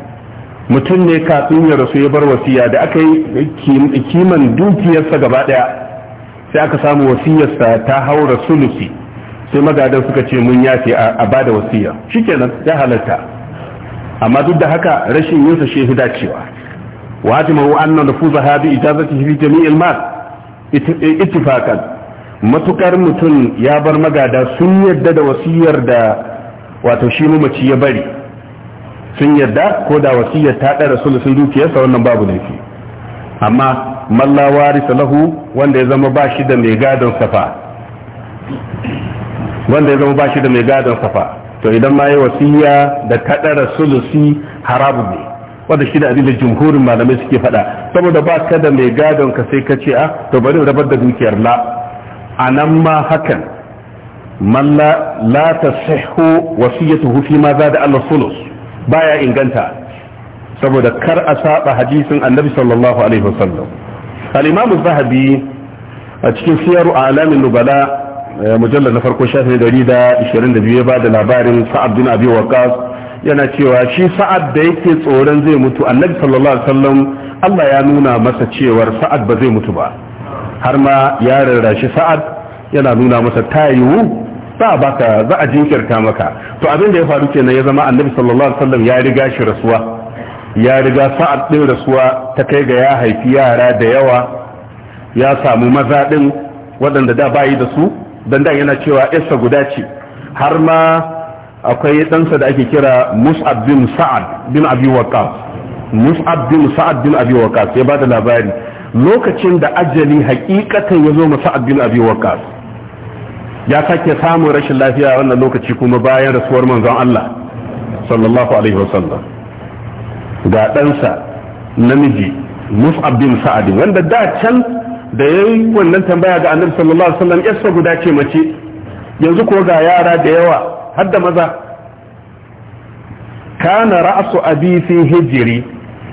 mutum ne kafin ya rasu ya bar wasiya da aka yi kiman dukiyarsa gaba daya sai aka samu wasiyarsa ta haura sulusi sai magadan suka ce mun yafe a bada wasiya shikenan ya halarta. amma duk da haka rashin yinsa shi ya dacewa wa hatimahu anna nufuza hadi ijazatihi fi jami'il mal e, ittifaqan matukar mutum ya bar magada sun yadda da wasiyar da wato shi mamaci ya bari sun yarda ko da wasiyar ta ɗara sulusin dukiyarsa wannan babu laifi amma Malla la warisa lahu wanda ya zama ba shi da mai gadon safa wanda ya zama ba shi da mai gadon safa to idan ma yi wasiya da kadara sulusi harabu ne wanda shi da abin da jumhurin malamai suke faɗa saboda ba ka da mai gadon ka sai ka ce a ah, to bari rabar da dukiyar la a nan ma hakan malla la la tasihhu wasiyatuhu hufi ma da Allah sulus baya inganta saboda kar a saba hadisin annabi sallallahu alaihi wasallam alimamu zahabi a cikin a alamin nubala eh, mujallar na farko shafi dari da ishirin da biyu ya bada labarin sa'ad bin abi waqas yana cewa shi sa'ad da yake tsoron zai mutu annabi sallallahu alaihi wasallam Allah ya nuna masa cewar sa'ad ba zai mutu ba har ma ya shi sa'ad yana nuna masa tayiwu za a baka za a jinkirta maka to abin da ya faru kenan ya zama annabi sallallahu alaihi wasallam ya riga shi rasuwa ya riga sa'ad ɗin rasuwa ta kai ga ya haifi yara da yawa ya samu maza ɗin waɗanda da bayi da su don da yana cewa isa guda ce har ma akwai ɗansa da ake kira mus'ab bin sa'ad bin abi waqas mus'ab bin sa'ad bin abi waqas ya ba da labari lokacin da ajali hakikatan ya zo ma sa'ad bin abi waqas ya sake samun rashin lafiya wannan lokaci kuma bayan rasuwar manzon Allah sallallahu alaihi wasallam ga ɗansa namiji mus'ab bin sa'ad wanda da can da yayi wannan tambaya ga annabi sallallahu alaihi wasallam yasa guda ce mace yanzu ko ga yara da yawa har da maza kana ra'su abi fi hijri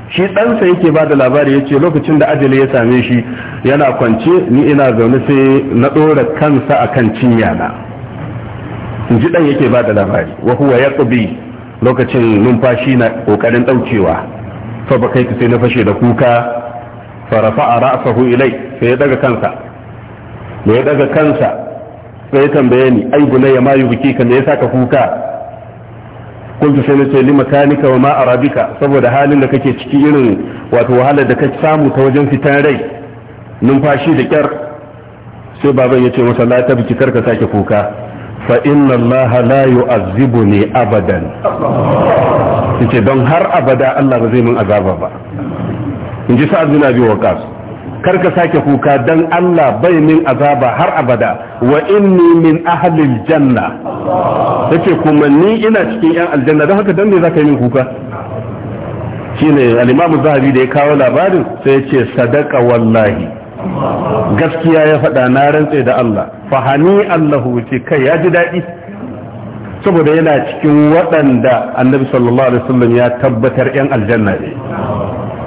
shi ɗansa yake ba da labari yace lokacin da ajali ya same shi yana kwance ni ina zaune sai na ɗora kansa a kan cinya na ji ɗan yake ba da labari wa huwa ya lokacin numfashi na kokarin daukewa fa ba kai sai na fashe da kuka fa rafa ra'sahu ilai sai ya daga kansa Me ya daga kansa sai ya tambaye ni ai gune ya mayu biki ka me yasa ka kuka kuntu sai na ce lima wa ma arabika saboda halin da kake ciki irin wato wahalar da ka samu ta wajen fitan rai numfashi da kyar sai baban ya ce masa la ta biki karka sake kuka fa inna Allah la yu'azzibuni abadan yace don har abada Allah ba zai min azaba ba in ji sa'ad bin abi waqas kar ka sake kuka dan Allah bai min azaba har abada wa inni min ahli aljanna yace kuma ni ina cikin yan aljanna don haka dan me zaka yi min kuka shine al-imam zahabi da ya kawo labarin sai yace ce sadaka wallahi gaskiya ya faɗa na rantse da Allah fahani allahu ce kai ya ji daɗi saboda yana cikin waɗanda annabi sallallahu alaihi wasallam ya tabbatar yan aljanna ne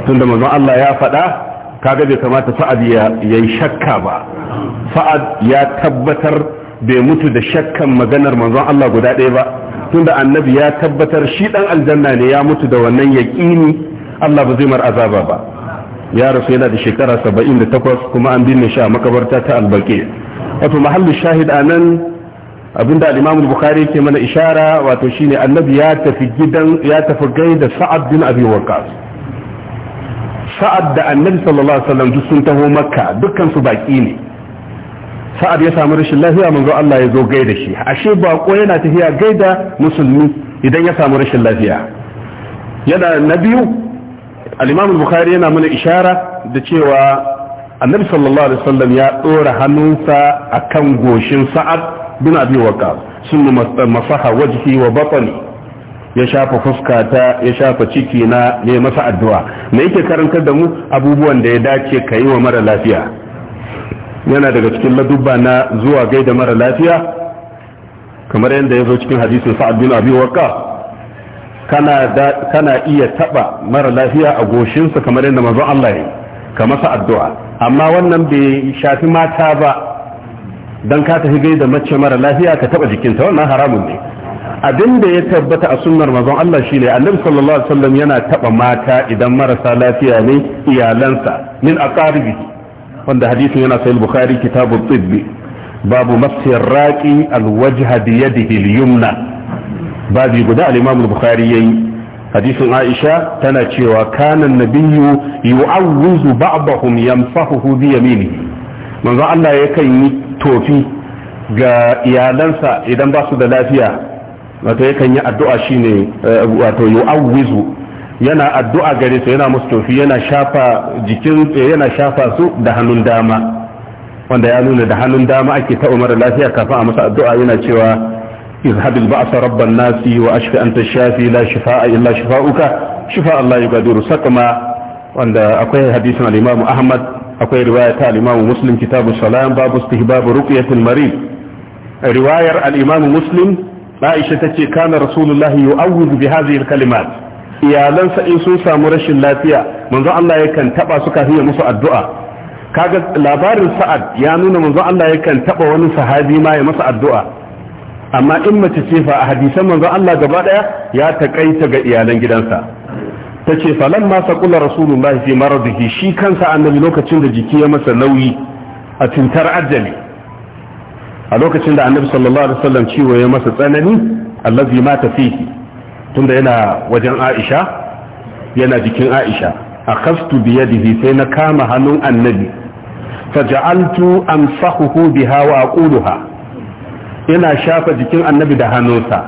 tunda manzon Allah ya faɗa kaga bai kamata fa'ad ya yi shakka ba fa'ad ya tabbatar bai mutu da shakkan maganar manzon Allah guda ɗaya ba tunda annabi ya tabbatar shi dan aljanna ne ya mutu da wannan yaqini Allah ba zai mar azaba ba ya rasu yana da shekara 78 kuma an binne shi a makabarta ta albaqi wato mahallin shahid a nan abinda al'imamu bukari ke mana ishara wato shine annabi ya tafi gidan ya tafi gaida sa'ad bin abi waqas sa'ad da annabi sallallahu alaihi wasallam duk sun taho makka dukkan su baki ne sa'ad ya samu rashin lafiya manzo Allah ya zo gaida shi ashe bako yana tafiya gaida musulmi idan ya samu rashin lafiya yana na biyu al-Imam Bukhari yana mana ishara da cewa annabi sallallahu alaihi wasallam ya dora hannunsa akan goshin sa'ad bin abi waqas sun masaha wajhi wa batni ya shafa fuskata ya shafa ciki na ne masa addu'a me yake karantar da mu abubuwan da ya dace kai wa mara lafiya yana daga cikin ladubba na zuwa gaida mara lafiya kamar yadda ya zo cikin hadisin sa'ad bin abi waqas kana iya taba mara lafiya a goshinsa kamar yadda manzon Allah ya ka masa addu'a amma wannan bai shafi mata ba don ka tafi da mace mara lafiya ka taba jikinta wannan haramun ne abin da ya tabbata a sunnar mazan Allah shine annabi sallallahu alaihi wasallam yana taba mata idan marasa lafiya ne iyalansa min aqaribi wanda hadisin yana sahih bukhari kitabu tibbi babu masir raqi alwajha bi yadihi al-yumna babu guda al-imam al-bukhari yayi hadisin aisha tana cewa kana nabiyu yu'awwizu ba'dahum yamsahuhu bi yamini manzo Allah yakan yi tofi ga iyalansa idan ba su da lafiya wato yakan yi addu'a shine eh, wato yu'awwizu yana addu'a gare su yana musu tofi yana shafa jikin eh, yana shafa su da hannun dama wanda ya nuna da hannun dama ake ta umar lafiya kafin a masa addu'a yana cewa اذهب البعث رب الناس واشف انت الشافي لا شفاء الا شفاؤك شفاء الله يقدر سقما وعند اقوي حديث الامام احمد اقوي روايه الامام مسلم كتاب السلام باب استهباب رقيه المريض روايه الامام مسلم عائشه تتي كان رسول الله يؤوذ بهذه الكلمات يا لنسى ان سوسى مرش اللافيه منذ الله يكن تبع سكا هي مسا الدعاء كاغت لابار سعد يا نون منذ الله يكن تبع ونسى هذه ما يمسى الدعاء amma in mace ce fa a hadisan manzo Allah gaba daya ya takaita ga iyalan gidansa tace falan ma kula rasulullahi fi maradihi shi kansa annabi lokacin da jiki ya masa nauyi a tintar ajali a lokacin da annabi sallallahu alaihi wasallam ciwo ya masa tsanani allazi ta fihi tunda yana wajen Aisha yana jikin Aisha akhastu bi yadihi sai na kama hannun annabi faja'altu amsahuhu biha wa aquluha Yana shafa jikin annabi da hannunsa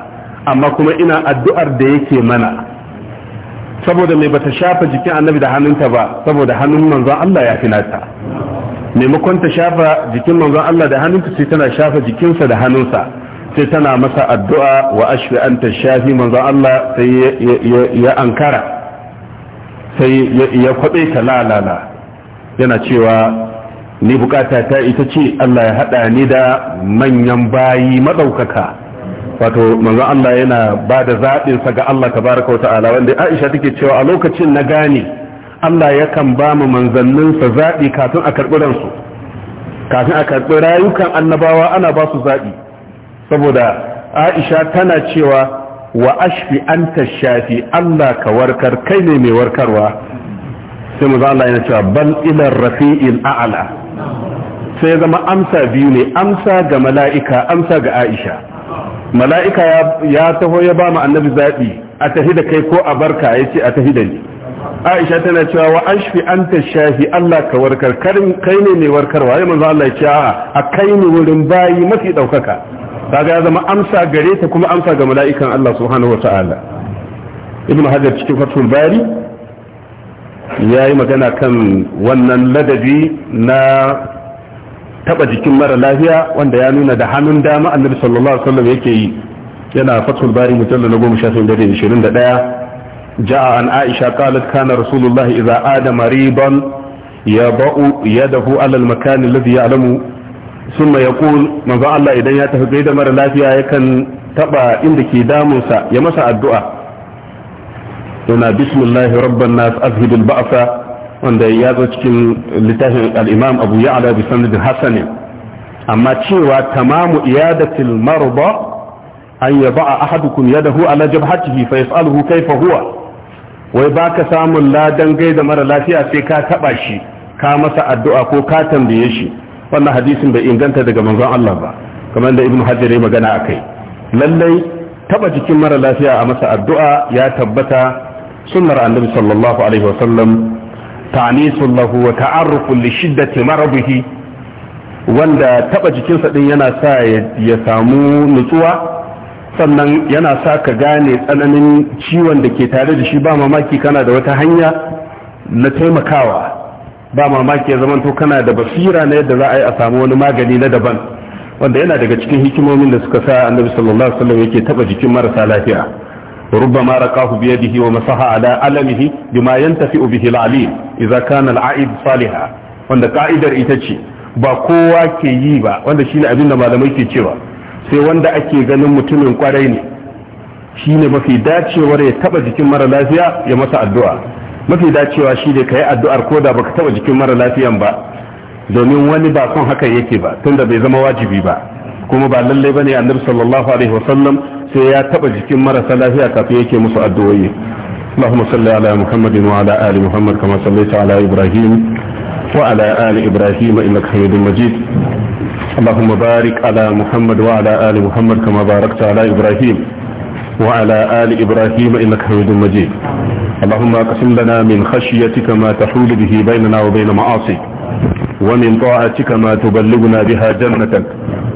amma kuma ina addu'ar da yake mana saboda mai bata shafa jikin annabi da hannunta ba saboda hannun manzon Allah ya fi nata maimakon ta shafa jikin manzon Allah da hannunta sai tana shafa jikinsa da hannunsa sai tana masa addu'a wa an ta shafi manzon Allah sai ya ankara sai ya kwabe ta lalala yana cewa ni bukata ta ita ce Allah ya haɗa ni da manyan bayi maɗaukaka, wato manzon Allah yana ba da zaɓinsa ga Allah tabaraka wata'ala wanda Aisha take cewa a lokacin na gane Allah yakan ba mu manzanninsa zaɓi kafin a karɓi ransu kafin a karɓi rayukan annabawa ana ba su zaɓi saboda Aisha tana cewa wa ashfi anta shafi Allah ka warkar kai ne mai warkarwa sai mu Allah yana cewa bal ila rafi'il a'la sai zama amsa biyu ne amsa ga mala'ika amsa ga aisha mala'ika ya taho ya ba mu annabi zaɓi a tafi da kai ko a barka ya ce a tafi da ni aisha tana cewa wa an shafi an ta shafi allah ka warkar kai ne mai warkarwa ya manzo allah ya ce a kai ne wurin bayi mafi ɗaukaka kaga ya zama amsa gare ta kuma amsa ga mala'ikan allah subhanahu wa ta'ala ibnu hajar cikin fatul bari ya yi magana kan wannan ladabi na taba jikin mara lafiya wanda ya nuna da hannun dama annabi sallallahu alaihi wasallam yake yi yana fatul bari mujalla na goma sha da ishirin da ɗaya ja'a an aisha qalat kana rasulullah idza ada mariban yaba'u yadahu ala al-makan alladhi ya'lamu thumma yaqul manzo Allah idan ya tafi gaida mara lafiya yakan taba inda ke damunsa ya masa addu'a yana bismillahi rabban nas azhibil ba'sa wanda ya zo cikin littafin al-imam abu ya'la bi sanadin hasan amma cewa tamamu iyadatil marda an yaba ahadukum yadahu ala jabhatihi fa yas'aluhu kayfa huwa wai baka samun ladan gaida mara lafiya sai ka taba shi ka masa addu'a ko ka tambaye shi wannan hadisin bai inganta daga manzon Allah ba kamar da ibnu hajar ya magana akai lallai taba jikin mara lafiya a masa addu'a ya tabbata sunnar annabi sallallahu alaihi sallam ta'nisun lahu wa ta'arrufun li shiddati maradihi wanda taba jikinsa din yana sa ya samu nutsuwa sannan yana sa ka gane tsananin ciwon da ke tare da shi ba mamaki kana da wata hanya na taimakawa ba mamaki ya zamanto kana da basira na yadda za a yi a samu wani magani na daban wanda yana daga cikin hikimomin da suka sa annabi sallallahu alaihi wasallam yake taba jikin marasa lafiya ربما رقاه بيده ومسح على ألمه بما ينتفئ به العليم إذا كان العائد صالحا wanda ka'idar ita ce ba kowa ke yi ba wanda shine abin da malamai ke cewa sai wanda ake ganin mutumin kwarai ne shine mafi dacewar ya taba jikin mara lafiya ya masa addu'a mafi dacewa shine kai addu'ar koda baka taba jikin mara lafiyan ba domin wani ba son haka yake ba tunda bai zama wajibi ba kuma ba lalle bane annabi sallallahu alaihi wasallam sai ya taba jikin marasa lafiya kafin yake musu addu'o'i اللهم صل على محمد وعلى آل محمد كما صليت على إبراهيم وعلى آل إبراهيم إنك حميد مجيد اللهم بارك على محمد وعلى آل محمد كما باركت على إبراهيم وعلى آل إبراهيم إنك حميد مجيد اللهم اقسم لنا من خشيتك ما تحول به بيننا وبين معاصيك ومن طاعتك ما تبلغنا بها جنتك